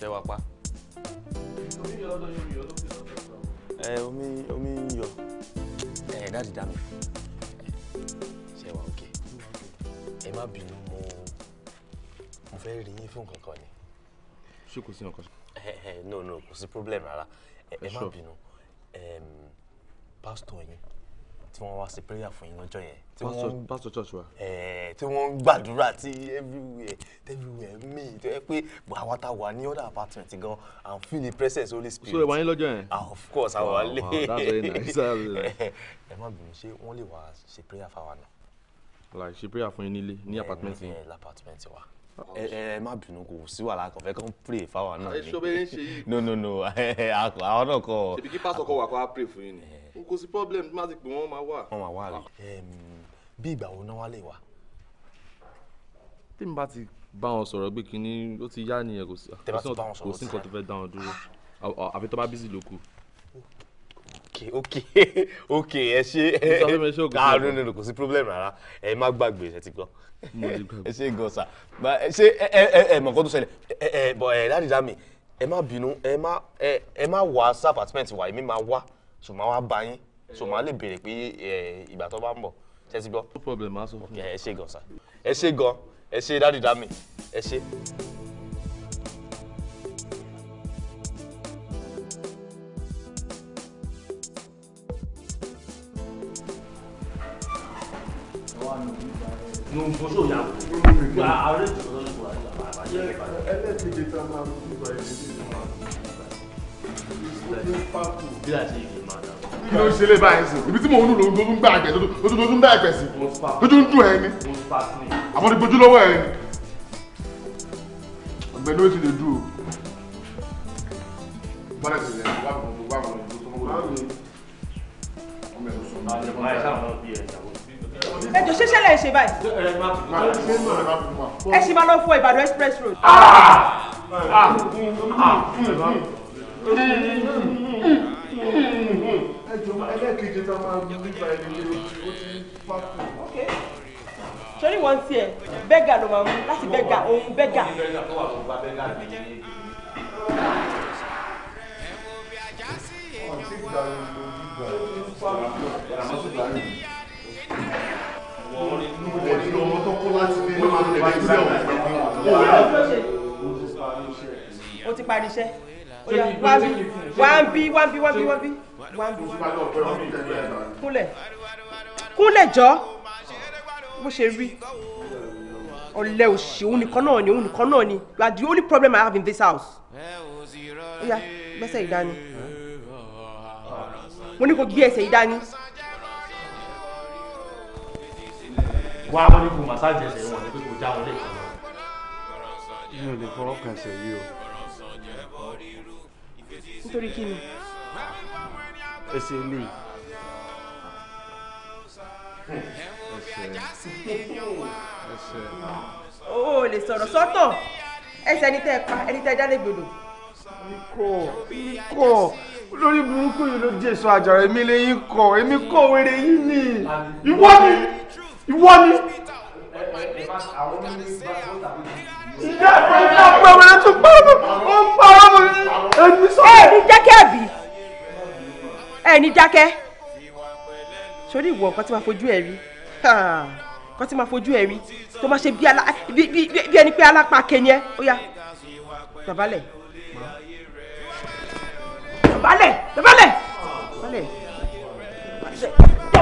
ṣe wá pa. ẹ omi omi ń yọ ẹ eh, dáàdì dá mi ṣe wá òkè ẹ má bínú mo mo fẹ́ rí yín fún kankan ni. ṣé kò sí nǹkan. ẹ ẹ eh, eh, no no kò sí problem rárá ẹ má bínú pásítọ̀ yín tí wọ́n wá ṣe prayer fún yín lọ́jọ́ yẹn. pastor church wa. ẹ̀ẹ́ eh, tí wọ́n ń gbàdúrà tí everywhere everywhere mi tó yẹ pé àwa ta wà ní other apartment gan and feel the presence of holy spirit. so ẹ wà yín lọ́jọ́ yẹn. Ah, of course àwa lè. wow that's very nice. Eh, ẹ má bínú ṣé wọ́n lè wá ṣe prayer fáwa náà. like ṣe prayer fún yín nílé ní eh, apartment yẹn. ẹ ní apartment wa ẹ ẹ má bínú kò sí wàhálà kan fẹ kàn pray fáwọn náà ni no no no àwọn náà kọ. ṣèbí kí pásítọ̀ kọ wà kó wá pray fún yín ni kò sí problem má ti pè wọ́n máa wà. wọ́n máa wà rè ah. bí ìgbà wo náà wá lè wá. tí n bá ti bá wọn sọ̀rọ̀ pé kínní ó ti yá nìyẹn kò sí nǹkan tó fẹ́ dá wọn dúró ah, ah, àfi tó bá bísí lóku okay okay okay ẹ ṣe ẹ no no no kò sí problem rárá ẹ má gbàgbé ẹ ti gbọ́ ẹ ṣe gan sa ẹ ṣe ẹ ẹ ẹ mọ̀ kó tó ṣẹlẹ̀ ẹ ẹ bọ̀ ẹ láti dá mi ẹ má bínú ẹ má ẹ má wá sáà apartment wa èmi má wá ṣùgbọ́n wàá bá yín ṣùgbọ́n lè béèrè pé ìgbà tó bá ń bọ̀ ṣe ti gbọ́. no problem máa sọ fún mi. ẹ ṣe gan sa ẹ ṣe gan ẹ ṣe dádìdá mi ẹ ṣe. no for sure ya gba àwọn ètò tó ń bọ̀ àti àbájá. ẹlẹ́ẹ̀kejì tá kí ló ń ṣe lé báyìí sí ibi tí mò ń lù lójú ń gbà àgbẹ̀ lójú lójú ń dá àgbẹ̀ sí lójú ń dùn ẹ ni àwọn ti gbójú lọ́wọ́ ẹ ni ọ̀gbẹ́ ló ti lè dùn o bọ́lá ti lè wá gbogbo wá gbogbo ọmọ ẹ̀rọ sọ̀rọ̀ ẹjọ ṣẹṣẹ lẹ ṣe báyìí. ẹ ṣì máa lọ fọ Ìbàdàn express road. Ah! Ah! Ah! ẹjọ ẹlẹ́ẹ̀kejì tá a máa gbé nípa ẹni pé ó ti fà wọn tiẹ bẹga ló máa mú láti bẹga òun bẹga. o ti parí iṣẹ́ wá bí wá bí wá bí wá bí wá bí wá bí kúnlẹ̀ kúnlẹ̀ jọ bó ṣe rí ọ̀lẹ òṣì òun nìkan náà ni òun nìkan náà ni you are the only problem I have in this house ó yá gbẹ́sẹ̀ yìí dání mo ní kó gbé ẹsẹ̀ yìí dání. wá wọn ní kó màsáàjì ẹsẹ̀ wọn ní pé kó já wọn lẹ́ẹ̀kan náà. mi ò lè fọwọ́ kan ẹsẹ̀ yìí o nítorí kí ni. ẹsẹ̀ ilé ẹsẹ̀ o ò lè sọ̀rọ̀ sọ́tọ̀ ẹsẹ̀ ẹni tẹ́ ẹ pa ẹni tẹ́ ẹ dálé gbòdò. ikọ̀ ikọ̀ lórí burúkú yìí ló jẹ́ èso àjàrà èmi lẹ́yìn kọ̀ èmi kọ̀ wẹ̀rẹ̀ yìí ni ìwọ ni ìwọ ni ìyá àgbà ìyá àgbà wẹ̀rẹ̀ tún pa ọmọ ó ń pa ọmọ ẹni sọ. ẹni dákẹ́ àbí ẹni dákẹ́ sórí ìwọ nǹkan tí máa fojú ẹ e rí nǹkan tí máa fojú ẹ e rí tó máa ṣe bí ẹni pé alápá kẹni ó yá dọ̀bálẹ̀ dọ̀bálẹ̀ dọ̀bálẹ̀ dọ̀bálẹ̀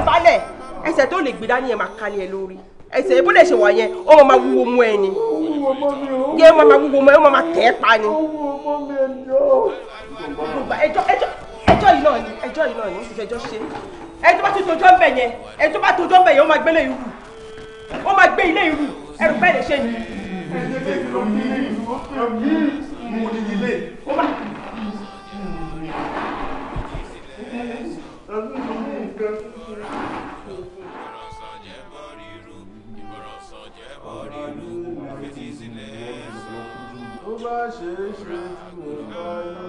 dọ̀bálẹ̀ ẹsẹ̀ tó lè gbé dání ẹ̀ máa ká ní ẹ lórí ẹsẹ̀ ìbó lè ṣe wà yẹn ó máa wúwo mú ẹ ni yẹ ó máa wúwo mú ẹ ó máa tẹ̀ ẹ́ pa ni. ẹjọ́ ẹjọ́ yìí náà ni ẹjọ́ yìí náà ni ó ti fẹjọ́ ṣe ẹni tó bá tún tojọ́ ń bẹ̀ yẹn ẹni tó bá tojọ́ ń bẹ̀ yẹn ó máa gbé ilé irú ó máa gbé ilé irú ẹrù bẹ́ẹ̀ lè ṣe ni. ẹni tó bá tún tojọ́ ń bẹ̀ yẹn ó máa gbé ilé irú ó máa gbé ilé irú. ṣe é ṣe tí mo bá yọ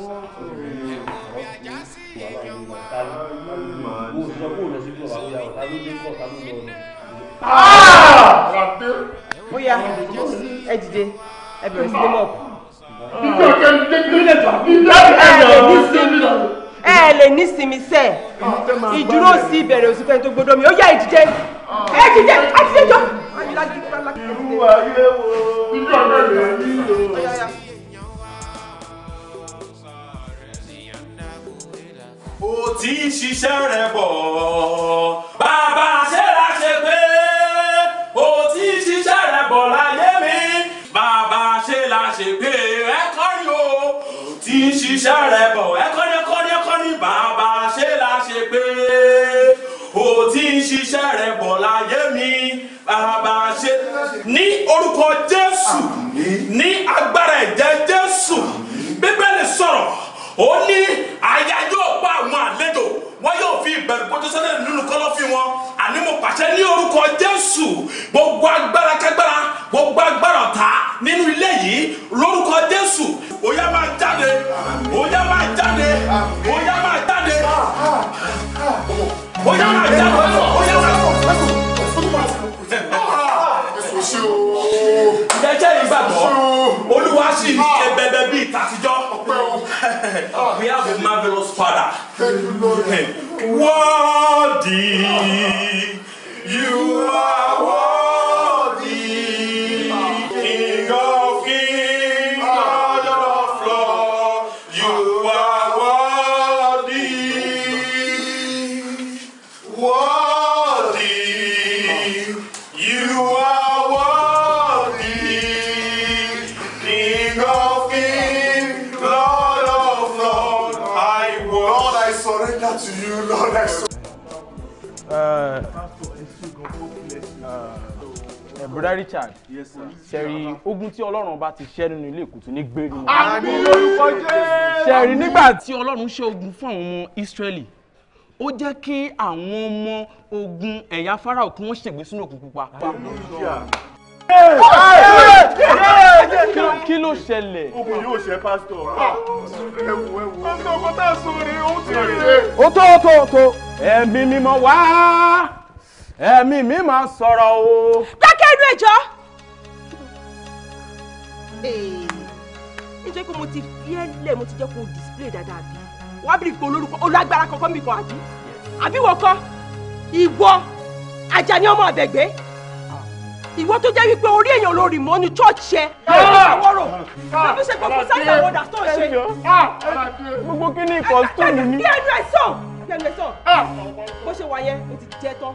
wọ́n tó rí ọ̀rọ̀ mo sọ fún òun lẹ́sìn fún ọ̀rọ̀ àwọn ọ̀tá ló dé kọ́ ọ̀tá ló ìdúró sí ìbẹ̀rẹ̀ òsínfẹ́ tó gbọdọ̀ mi ó yá ẹ dìde ẹ dìde ẹ dìde ayé wo ìjọba lè ní o. o ti ń ṣiṣẹ́ rẹ̀ bọ̀ bàbá ṣẹ́ra ṣe pé o ti ń ṣiṣẹ́ rẹ̀ bọ̀ láyé mi bàbá ṣẹ́ra ṣe pé ẹ kọ́ni o ti ń ṣiṣẹ́ rẹ̀ bọ̀ ẹ kọ́ni ẹ kọ́ni ẹ kọ́ni bàbá ṣẹ́ra ṣe pé o ti ń ṣiṣẹ́ rẹ̀ bọ̀ láyé mi àbàṣe ní orúkọ jésù ní agbára ẹ̀jẹ̀ jésù bíbélì sọ̀rọ̀ ó ní àyà yóò pa àwọn àlejò wọn yóò fi ìbẹ̀rù bójú sẹ́lẹ̀ nínú kọ́lọ́fín wọn àní mo pàṣẹ ní orúkọ jésù gbogbo agbára kágbára gbogbo agbára ọ̀tá nínú ilé yìí lórúkọ jésù ó yá máa jáde ó yá máa jáde ó yá máa jáde ó ah, ah, ah, máa jáde ó máa gbàgbọ́ olúwa sì ń ṣe ah. bẹbẹ bí ìtàtijọ́ oh, we have a marvelous father worthy you are. brother Richard ṣẹ̀rí ogun tí ọlọ́run bá ti ṣẹ́ nínú ilé ìkùtù ní gbèrú mọ́. àmín lórúkọ jẹ́. ṣẹ̀rí nígbà tí ọlọ́run ṣe ogun fún àwọn ọmọ Ísírẹ́lì ó jẹ́ kí àwọn ọmọ ogun ẹ̀yà Fáráò kí wọ́n ṣègbè sínú òkun pupa. kí ló ṣẹlẹ̀. ogun yóò ṣe pásítọ̀ ah. ẹ̀wù ẹ̀wù. ọ̀sán ọkọ̀ tá a sọ rèé ó ti rèé. ó tó tó tó ẹ̀mí mímọ́ wá ẹ̀mí mi máa sọ̀rọ̀ o. dákẹ́ inú ẹ̀jọ́. nítorí pé mo ti fi ẹ́ lẹ̀ mo ti jẹ́ kó o display dáadáa bí wọ́n á bìrì pé olórúkọ olágbára kankan mi kan àbí àbí wọ́n kọ́ ìwọ Àjàní ọmọ àbẹ̀gbẹ́ ìwọ tó jẹ́ wípé orí èèyàn lórí mọ́ ní church ẹ ìwọ́rọ̀ tàbí ṣe gbogbo sáyà wọ́dà tó ṣe. gbogbo kí ni ìkọ́sítọ́ọ̀nù ni. kí ẹnu ẹ sọ kí ẹnu ẹ sọ bó ṣe wà yẹn ti jẹ tán.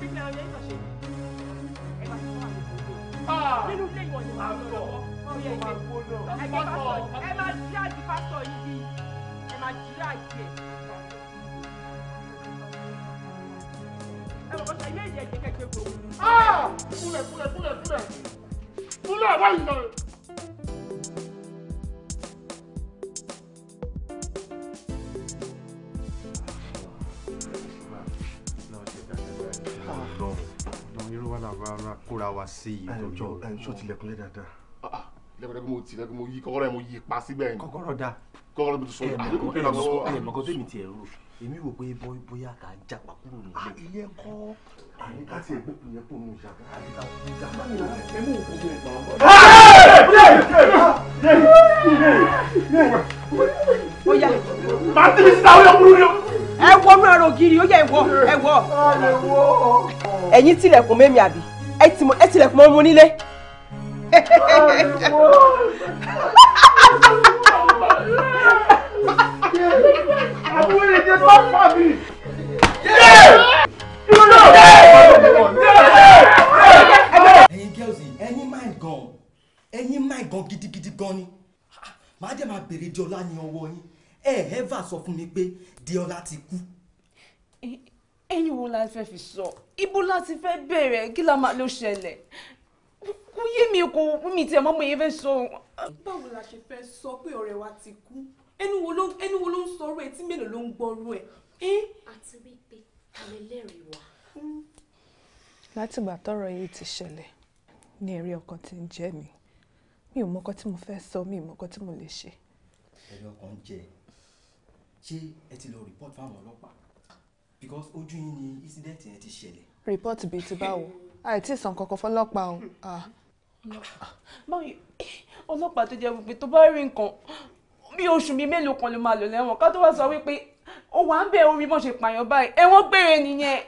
Ah! fẹ́ ọyẹ ìtọ̀ṣe ẹ máa tún àwọn ìfowópamọ́ nínú ilé ìwọ̀n ni màá lọ lọ́wọ́ ọyẹ ìgbé ẹ jẹ́ pásítọ̀ ẹ máa jí àjì wá sí i. ẹ jọ ẹ ṣó tilẹ̀kùnlé dáadáa. Ah, ah, lẹ́gbẹ̀dẹ́ mo tilẹ̀ mo yí kọ́kọ́rọ́ yẹn mo yí pa síbẹ̀ yẹn. kọ́kọ́rọ́ da. kọ́kọ́rọ́ mi tó sọ ẹ mọ̀kọ́ tó mi tiẹ̀ rò èmi wò pé bóyá kà á já pa kúrò nílé. ilé ah, kọ́ àní ká tiẹ̀ gbé kùn yẹn kó nù ìjà àti ká kùn ìjà. ẹ mú òkú mi pa ọmọ. ó yá. màá ti mi síta ó yọ kúrú ni ó ẹ wọ inú ẹrọ ògiri ó yẹ ẹ wọ ẹ wọ ẹ̀yin tilẹ̀kùn mẹmí àbí ẹ ti mọ ẹ tilẹ̀kùn mọ́ mu nílé. àwọn èdè bá fà mí. ẹ̀yin girls yìí ẹ̀yin gan gidigidi gan ni màá dẹ̀ máa bèrè di ọlá ní ọwọ́ yín ẹ̀ ẹ́ bá sọ fún mi pé di ọlá ti kú ẹ̀yin wo la fẹ́ fi sọ ibo la ti fẹ́ bẹ̀rẹ̀ kí la máa ló ṣẹlẹ̀ kò yé mi kò mi tiẹ̀ mọ́ mo yẹ fẹ́ sọ. báwo la ṣe fẹ́ sọ pé ọ̀rẹ́ wa ti kú ẹnu wo ló ẹnu wo ló ń sọ̀rọ̀ ẹ̀ tí mélòó ló ń gbọ́rọ̀ ẹ̀. àti wípé alẹ́ lẹ́rìí wa. Hmm. látìgbà tọ́rọ̀ yìí ti ṣẹlẹ̀ ní ẹ̀rí ọkàn tí ń jẹ mi mi ò mọ̀kọ́ tí mo fẹ́ sọ mi ò mọ̀kọ́ tí mo lè ṣe. ẹ̀rí ọkàn jẹ ṣé ẹ ti lọ rìpọ́t fáwọn ọlọ́pàá because ojú yín ni incident yẹn ti ṣẹlẹ̀. report bíi ti báwo àìtí ìsàn kankan fọlọ́pàá o. báyìí eh, ọlọ́pàá tó jẹ́ wípé tó bá rí nǹkan bí oṣù bíi mélòó kan ló máa lò lẹ́wọ̀n ká tó wá sọ wípé ó wà ń bẹ orí bọ́n ṣe pààyàn báyìí ẹ̀wọ̀n gbére nìyẹn.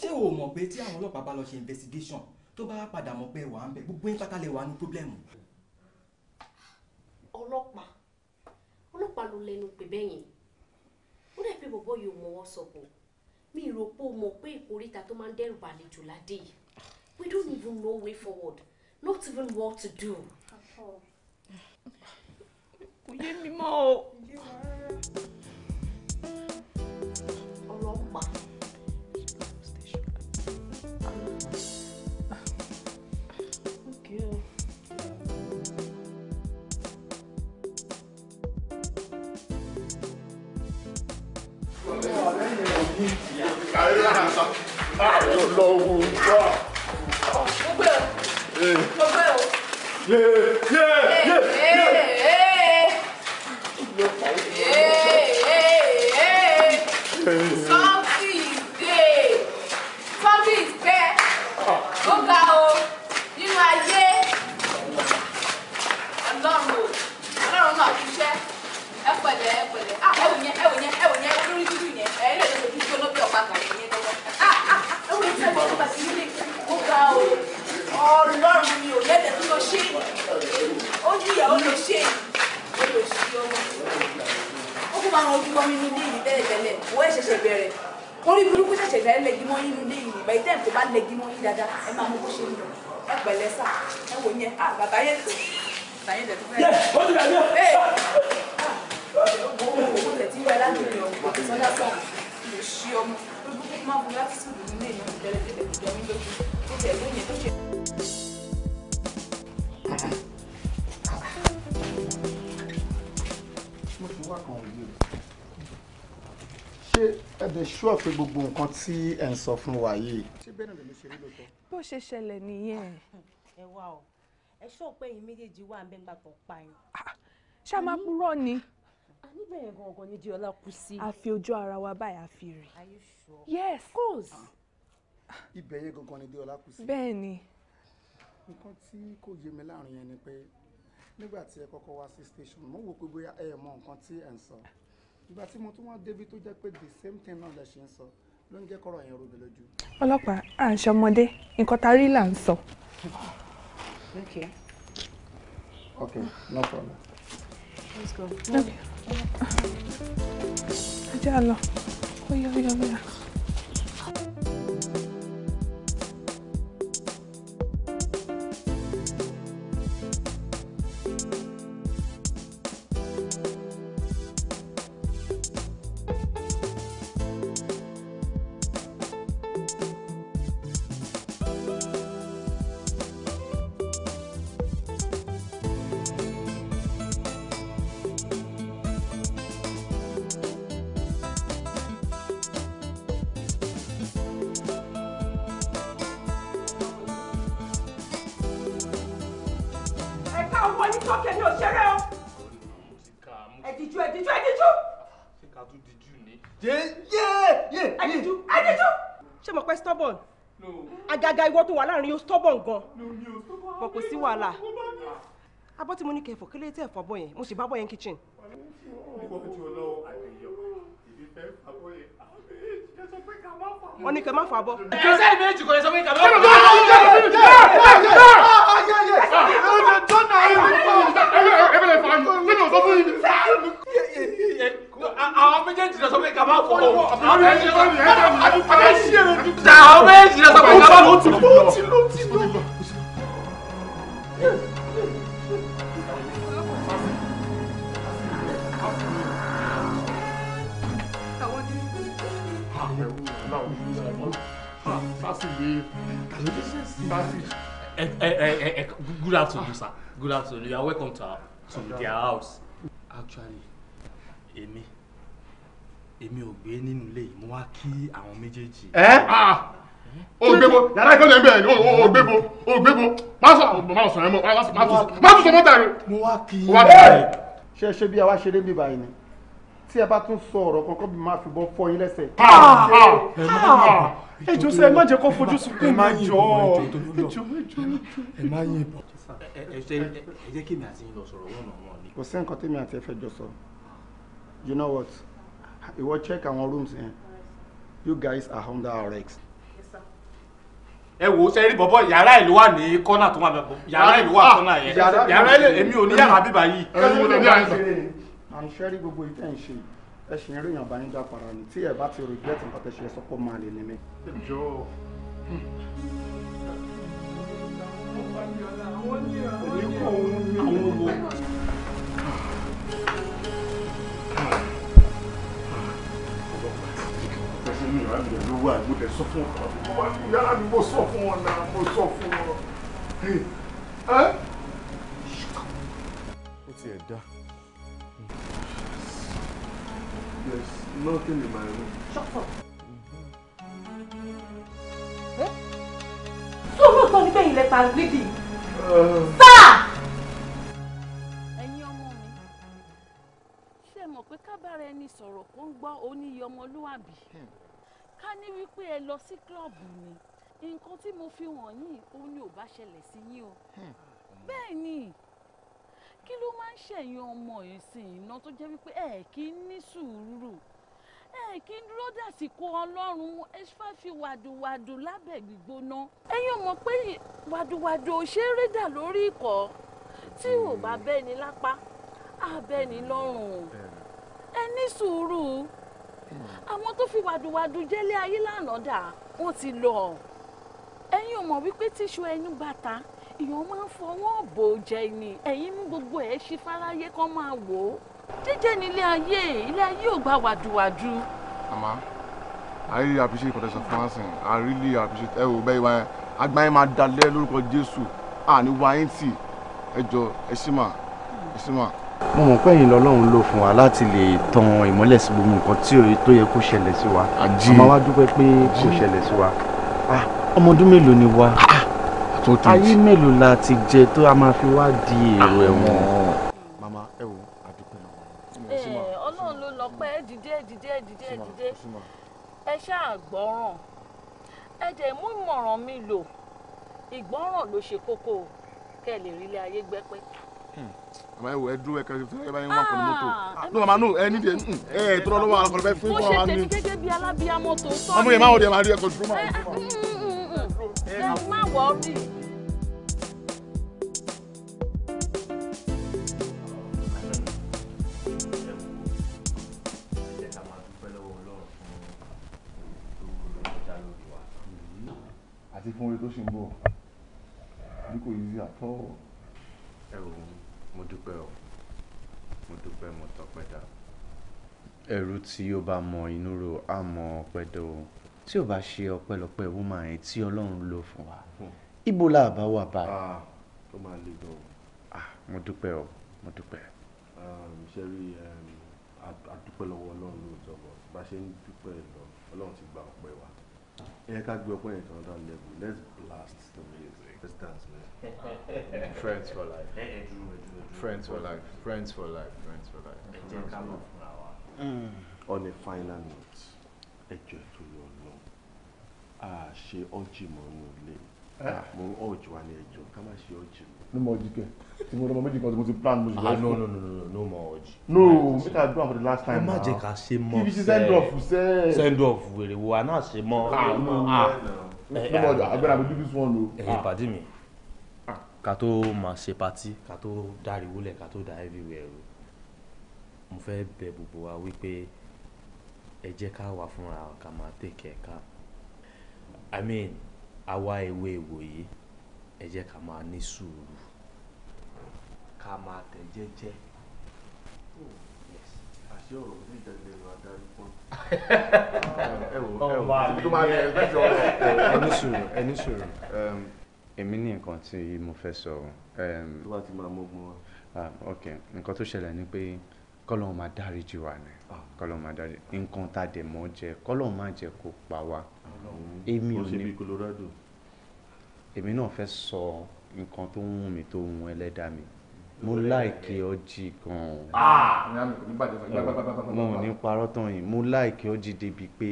ṣé o mọ̀ pé tí àwọn ọlọ́pàá bá lọ ṣe investigation tó bá padà mọ̀ pé wà ń bẹ gbogbo yín pátá lè wà ní pírọ́blẹ́mù. ọlọ́pàá ọlọ́pàá ló lẹnu pè bẹ́yìn ó dẹ̀ pé bọ̀bọ̀ yóò mọwọ́ sọ̀pọ̀ mi ì rò pé o mọ̀ pé ìkórìtà tó máa ń dẹ́rù bàlejò ládé yìí we don't even know way forward not even what to do. kò yé mi mọ́ o. ọ̀rọ̀ ń pa. lọ́wọ́ wá. mo something dey something dey ó ọlọ́run ni ò lẹ́tẹ̀ẹ́ tó lọ ṣe ó jìyà ó lọ ṣe ó lọ ṣe ọmọ ó kó máa ń ojú bọ́ nínú ilé tẹ́lẹ̀tẹ́lẹ̀ ó ẹ̀ ṣẹ̀ṣẹ̀ bẹ̀rẹ̀ orí burúkú ṣẹ̀ṣẹ̀ fẹ́ lẹ́gi mọ́ nínú ilé yìí ìgbà tó bá lẹ́gi mọ́ yín dáadáa ẹ máa mú bó ṣe ń lọ ẹ pẹ̀lẹ́ sà ẹ wò yẹn à ah, bàbá yẹn tó bàbá yẹn tẹ̀ tó fẹ́ ẹ ah. ó tẹ̀ tí ń bẹ láti ìlú ọ̀gbọ̀n sọ́dá sọ́ọ̀ lè ṣí ọmọ ó dúró kó má bu láti sùn nínú ilé yìí tẹ́lẹ̀tẹ́lẹ̀ kò jọ mí lójú ṣé ẹ̀dẹ̀ ṣúọ̀ pé gbogbo nǹkan tí ẹ̀ ń sọ fún wa yìí. ṣé bẹ́ẹ̀ náà lè ṣe rí lóòótọ́. bó ṣe ṣẹlẹ̀ nìyẹn. ẹ wá o ẹ ṣọ́ pé ẹ̀yin méjèèjì wà ń bẹ́ẹ̀ gbà pa yín. Ah, ṣá máa purọ́ ni. a níbẹ̀ yẹn gangan ni di ọlá kú sí. a fi ojú ara wa báyìí fi rìn. yes. of course ibẹ̀ yẹn gangan ni Déọlá kù sí. bẹ́ẹ̀ ni. nǹkan tí kò yé mi láàrin yẹn ni pé nígbà tí ẹ kọ́kọ́ wá sí station mo wò pé bóyá ẹ mọ nǹkan tí ẹ ń sọ ìgbà tí mo tún wá débi tó jẹ́ pé the same thing náà lẹ ṣe ń sọ ló ń jẹ́ kọ́rọ̀ yẹn rògbè lójú. ọlọ́pàá à ń ṣọmọdé nǹkan tá rí là ń sọ. okay no problem. ajá lọ ó yọ ó yọ ó gan bọ̀ kò sí wàhálà abọ́ tí mo ní kẹfọ́ kílé tẹ̀ fọ́ bọ́ yẹn mo sì bá bọ́ yẹn kitchen. wọ́n ní kẹ́ má fà bọ́. kẹsẹ́ ìbéjì kò yẹ sọ pé kàmá. ẹ bẹ̀rẹ̀ fà á nínú ọ̀sán fún yìí àwọn Good afternoon, sir. Good afternoon. You are welcome to, our, to their house. Actually, Amy èmi ò gbé nínú ilé yìí mo wá kí àwọn méjèèjì. ẹ ah! o gbébo yàrá ìkọ́ni ẹ̀ bẹ́ẹ̀ ni o gbébo o gbébo má sọ àwọn ọmọ sọ̀rọ̀ mọ́ má tún sọ mọ́tà rẹ. mo wá kí i. ṣe ṣe bí àwa ṣe dé bí báyìí ni tí ẹ bá tún sọ ọ̀rọ̀ kankan bí máa fi bọ́ fọ́ yín lẹ́sẹ̀. Ah! Ah! ẹ jọ sẹ ẹ má jẹ kó fojú sunkún mi jọ ẹ jọ ẹ jọ ẹ má yín bọ. ẹ jẹ́ kí mi àti yín lọ sọ̀rọ̀ wọ́n náà wọ́n ni. kò sí nǹkan tí mi àti ẹ fẹ́ jọ sọ you know what. You ìwọ check àwọn rooms yẹn you guys are under arrest. ẹ wo ṣe rí bọ́bọ́ yàrá ìlú wà ní kọ́nà tó wà bẹ́ẹ̀ yàrá ìlú wà kọ́nà yẹn yàrá ìlú èmi ò ní yàrá bíbá yìí. i'm sharing gbogbo ìtẹ́ ń ṣe ẹ ṣì ń ríyàn báníjà para ni tí ẹ bá ti regret nǹkan tẹ ṣe ẹ sọ pé máa lè ní mi. jọ̀ọ́ àwọn wo ní ìran mi ló wà mo dẹ̀ sọ fún ọkọ àbúkọ wà ní yàrá mi mo sọ fún wọn náà mo sọ fún wọn. ó ti ẹ̀ dá. there's nothing in my room. shut up. níbẹ̀ yìí lẹ́pa lédè ẹ̀yin ọmọ mi ṣé mọ̀ pé ká ẹni sọ̀rọ̀ kó ń gbọ́ oníyọmọlúwàbí. Hmm ká ní wípé ẹ lọ sí kílọ̀bù ni nǹkan tí mo fi wọ̀n yìí ó ní ò bá ṣẹlẹ̀ sí yín o hmm. bẹ́ẹ̀ ni kí ló máa ń ṣẹ̀yìn ọmọ ìsìn iná tó jẹ́ wípé ẹ kì í ní sùúrù ẹ kì í dúró dàsìkò ọlọ́run ẹ fi wàdùwàdù lábẹ́ gbígbóná ẹ̀yin ò pé wàdùwàdù ò ṣe é rí dà lórí ikọ̀ tí ò bá bẹ́ni lápá àbẹ́ni lọ́rùn ẹ ní sùúrù àwọn tó fi wàdùwàdù jẹ́lé ayé lánàá dà wọ́n ti lọ ẹ̀yin ò mọ̀ wípé tíṣu ẹnu bàtà èèyàn máa ń fọwọ́ bò jẹ ni ẹ̀yin mú gbogbo ẹ̀ ṣe fáráyé kán máa wò ó jíjẹ́ nílé ayé ilé ayé ò gba wàdùwàdù. màmá I really appreciate protection fún wa sẹ́yìn I really appreciate ẹ wò bẹ́ẹ̀ wáyé agbáyé máa dalẹ̀ lórúkọ Jésù àní wáyé tì ẹ ẹ ṣì mà ẹ ṣì mà mo mọ̀ pé ẹ̀yin lọ́lọ́run lò fún wa láti lè tan ìmọ́lẹ̀ sí gbogbo nǹkan tí tó yẹ kó ṣẹlẹ̀ sí wa àmọ́ wá dúpẹ́ pé kò ṣẹlẹ̀ sí wa ah, ọmọ ọdún mélòó ni wa ah, ah, ayé mélòó la ti jẹ tó a máa fi wá di èrò ẹ̀wọ̀n. mama ẹ wo àdúpẹ́ náà. ẹ ọlọ́run ló lọ pé ẹ dìde ẹ dìde ẹ dìde ẹ dìde ẹ ṣáà gbọ́ràn ẹ dẹ̀ mú ìmọ̀ràn mi lò ìgbọ́ràn ló ṣe kókó kẹ́ ẹ lè rí ilé ayé gbẹ́pẹ́. Hmm. àmọ́ ẹ̀wọ̀ ẹ̀dúró ẹ̀ka fífẹ́ ẹ̀ bá yín wá kọ́ ní mọ́tò ah. Ah, ní ọmọ mm, náà ẹni dẹ̀ ẹ̀ ẹ̀ tọ́lọ́ lọ́wọ́ àwọn ọ̀fọ̀lọ́fẹ́ fún ìfọwọ́ mi. mo ṣe tèmi di ẹ̀ máa rí ẹ̀kọ́ dúró eh, mm, mm, eh, àti fún orí tó ṣe ń bọ̀ bí kò yí sí àtọ́ mo dúpẹ́ o mo dúpẹ́ mo tọpẹ́ dà. ẹrú tí ó bá mọ inú ro á mọ ọpẹ́ dọ o tí ò bá ṣe ọpẹ́lọpẹ́ woman ẹ tí Ọlọ́run lò fún wa hmm. ibo la bá wà báyìí. Ah, ó máa le gan o. Ah, mo dúpẹ́ o mo dúpẹ́. Ah, ṣe rí a dúpẹ́ lọ́wọ́ Ọlọ́run lóòótọ́ bá ṣe ń dúpẹ́ lọ Ọlọ́run ti gba ọpẹ́ wa ẹ ká gbé ọpọ yẹn to another level let's blast the music let's dance man friends for life friends for life friends for life friends for life. on a final note ẹ jẹ́ to lọ lọ a ṣe ọjì mọ́ nù lé mo ọjọ́ wa ni ẹjọ́ ká má ṣe ọjì mọ́ no more ojì kẹ tí mo lọmọ méjì kan tí mo ti plan mo ti bẹ. Ah, no no no no no more ojì. no make i do am for the last time now. ẹ má jẹ ah. ká ṣe mọ sẹ ibi ti send off sẹ. send off wèrè wo àná ṣe mọ. Ah, no more agbẹ́rẹ́ àbójú this one o. ẹ̀yin eh, pàdé mi ká tó máa ṣe patí ká tó dáriwó lẹ̀ ká tó dá everywhere o mo fẹ́ bẹ̀ gbogbo wa wípé ẹ jẹ́ ká wà fúnra ká máa take care ká i mean àwa èwe ìwòyí ẹ jẹ́ ká máa ní sùúrù ká máa tẹ̀ jẹ́jẹ́. àṣé ọ̀rọ̀ ní ìdẹ́gbẹ́ ìlú adarí pọ́n. ẹ wò ẹ wò tó máa bẹ̀rẹ̀ bẹ́ẹ̀ jọ ọ̀rọ̀. ẹni sùúrù ẹni sùúrù. èmi ní nǹkan tí mo fẹ́ sọ. tó bá ti máa mọ́gbọ́n wa. ok nǹkan tó ṣẹlẹ̀ ni pé kọ́lọ́n máa dárí jì wá ni ah. kọ́lọ́n máa dárí nǹkan tá a dẹ̀ mọ́ jẹ kọ́lọ́n máa jẹ kó pa wá. èmi ò ní. o ṣe bí Colorado èmi náà fẹ́ sọ nǹkan tó ń wù mí tó ń wù ẹlẹ́dà mi mo láìkí ọjì gan-an ah! mo ò ní parọ́ tán yìí mo láìkí ọjì débi pé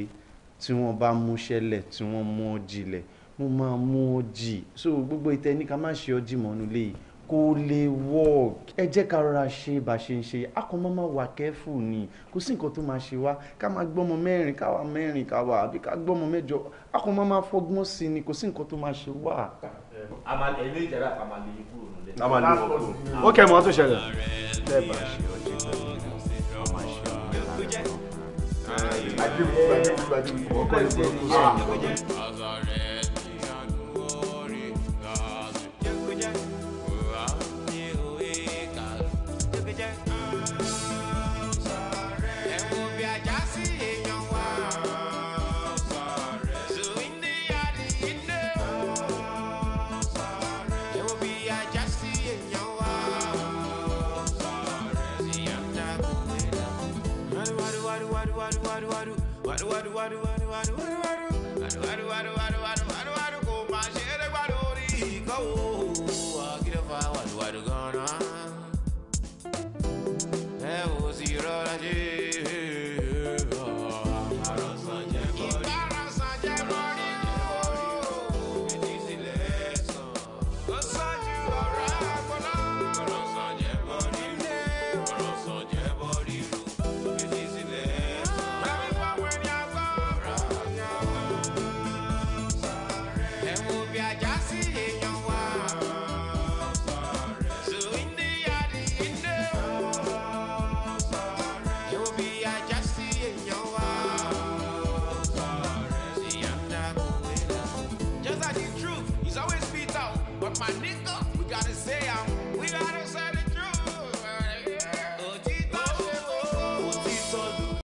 tí wọ́n bá mú ṣẹlẹ̀ tí wọ́n mú ọjì lẹ̀ mo máa mú ọjì so gbogbo ìtẹ́ ní ká má ṣe ọjì mọ́nú léyìí kò lè work ẹ jẹ́ ká rọra ṣe bá ṣe ń ṣe a kò máa máa wà kẹ́fù ni kò sí nǹkan tó máa ṣe wá ká máa gbọ́mọ mẹ́rin káwa mẹ́rin káwa àbí ká gbọ́mọ mẹ́jọ a kò máa fọgbọ́n sí ni kò sí nǹkan tó máa ṣe wá. ẹ̀mí ìjàdá kan máa lè yí kúrò nílẹ̀. a ṣẹlẹ̀. bẹ́ẹ̀ bá ṣe ọjọ́ ìgbà do I do I?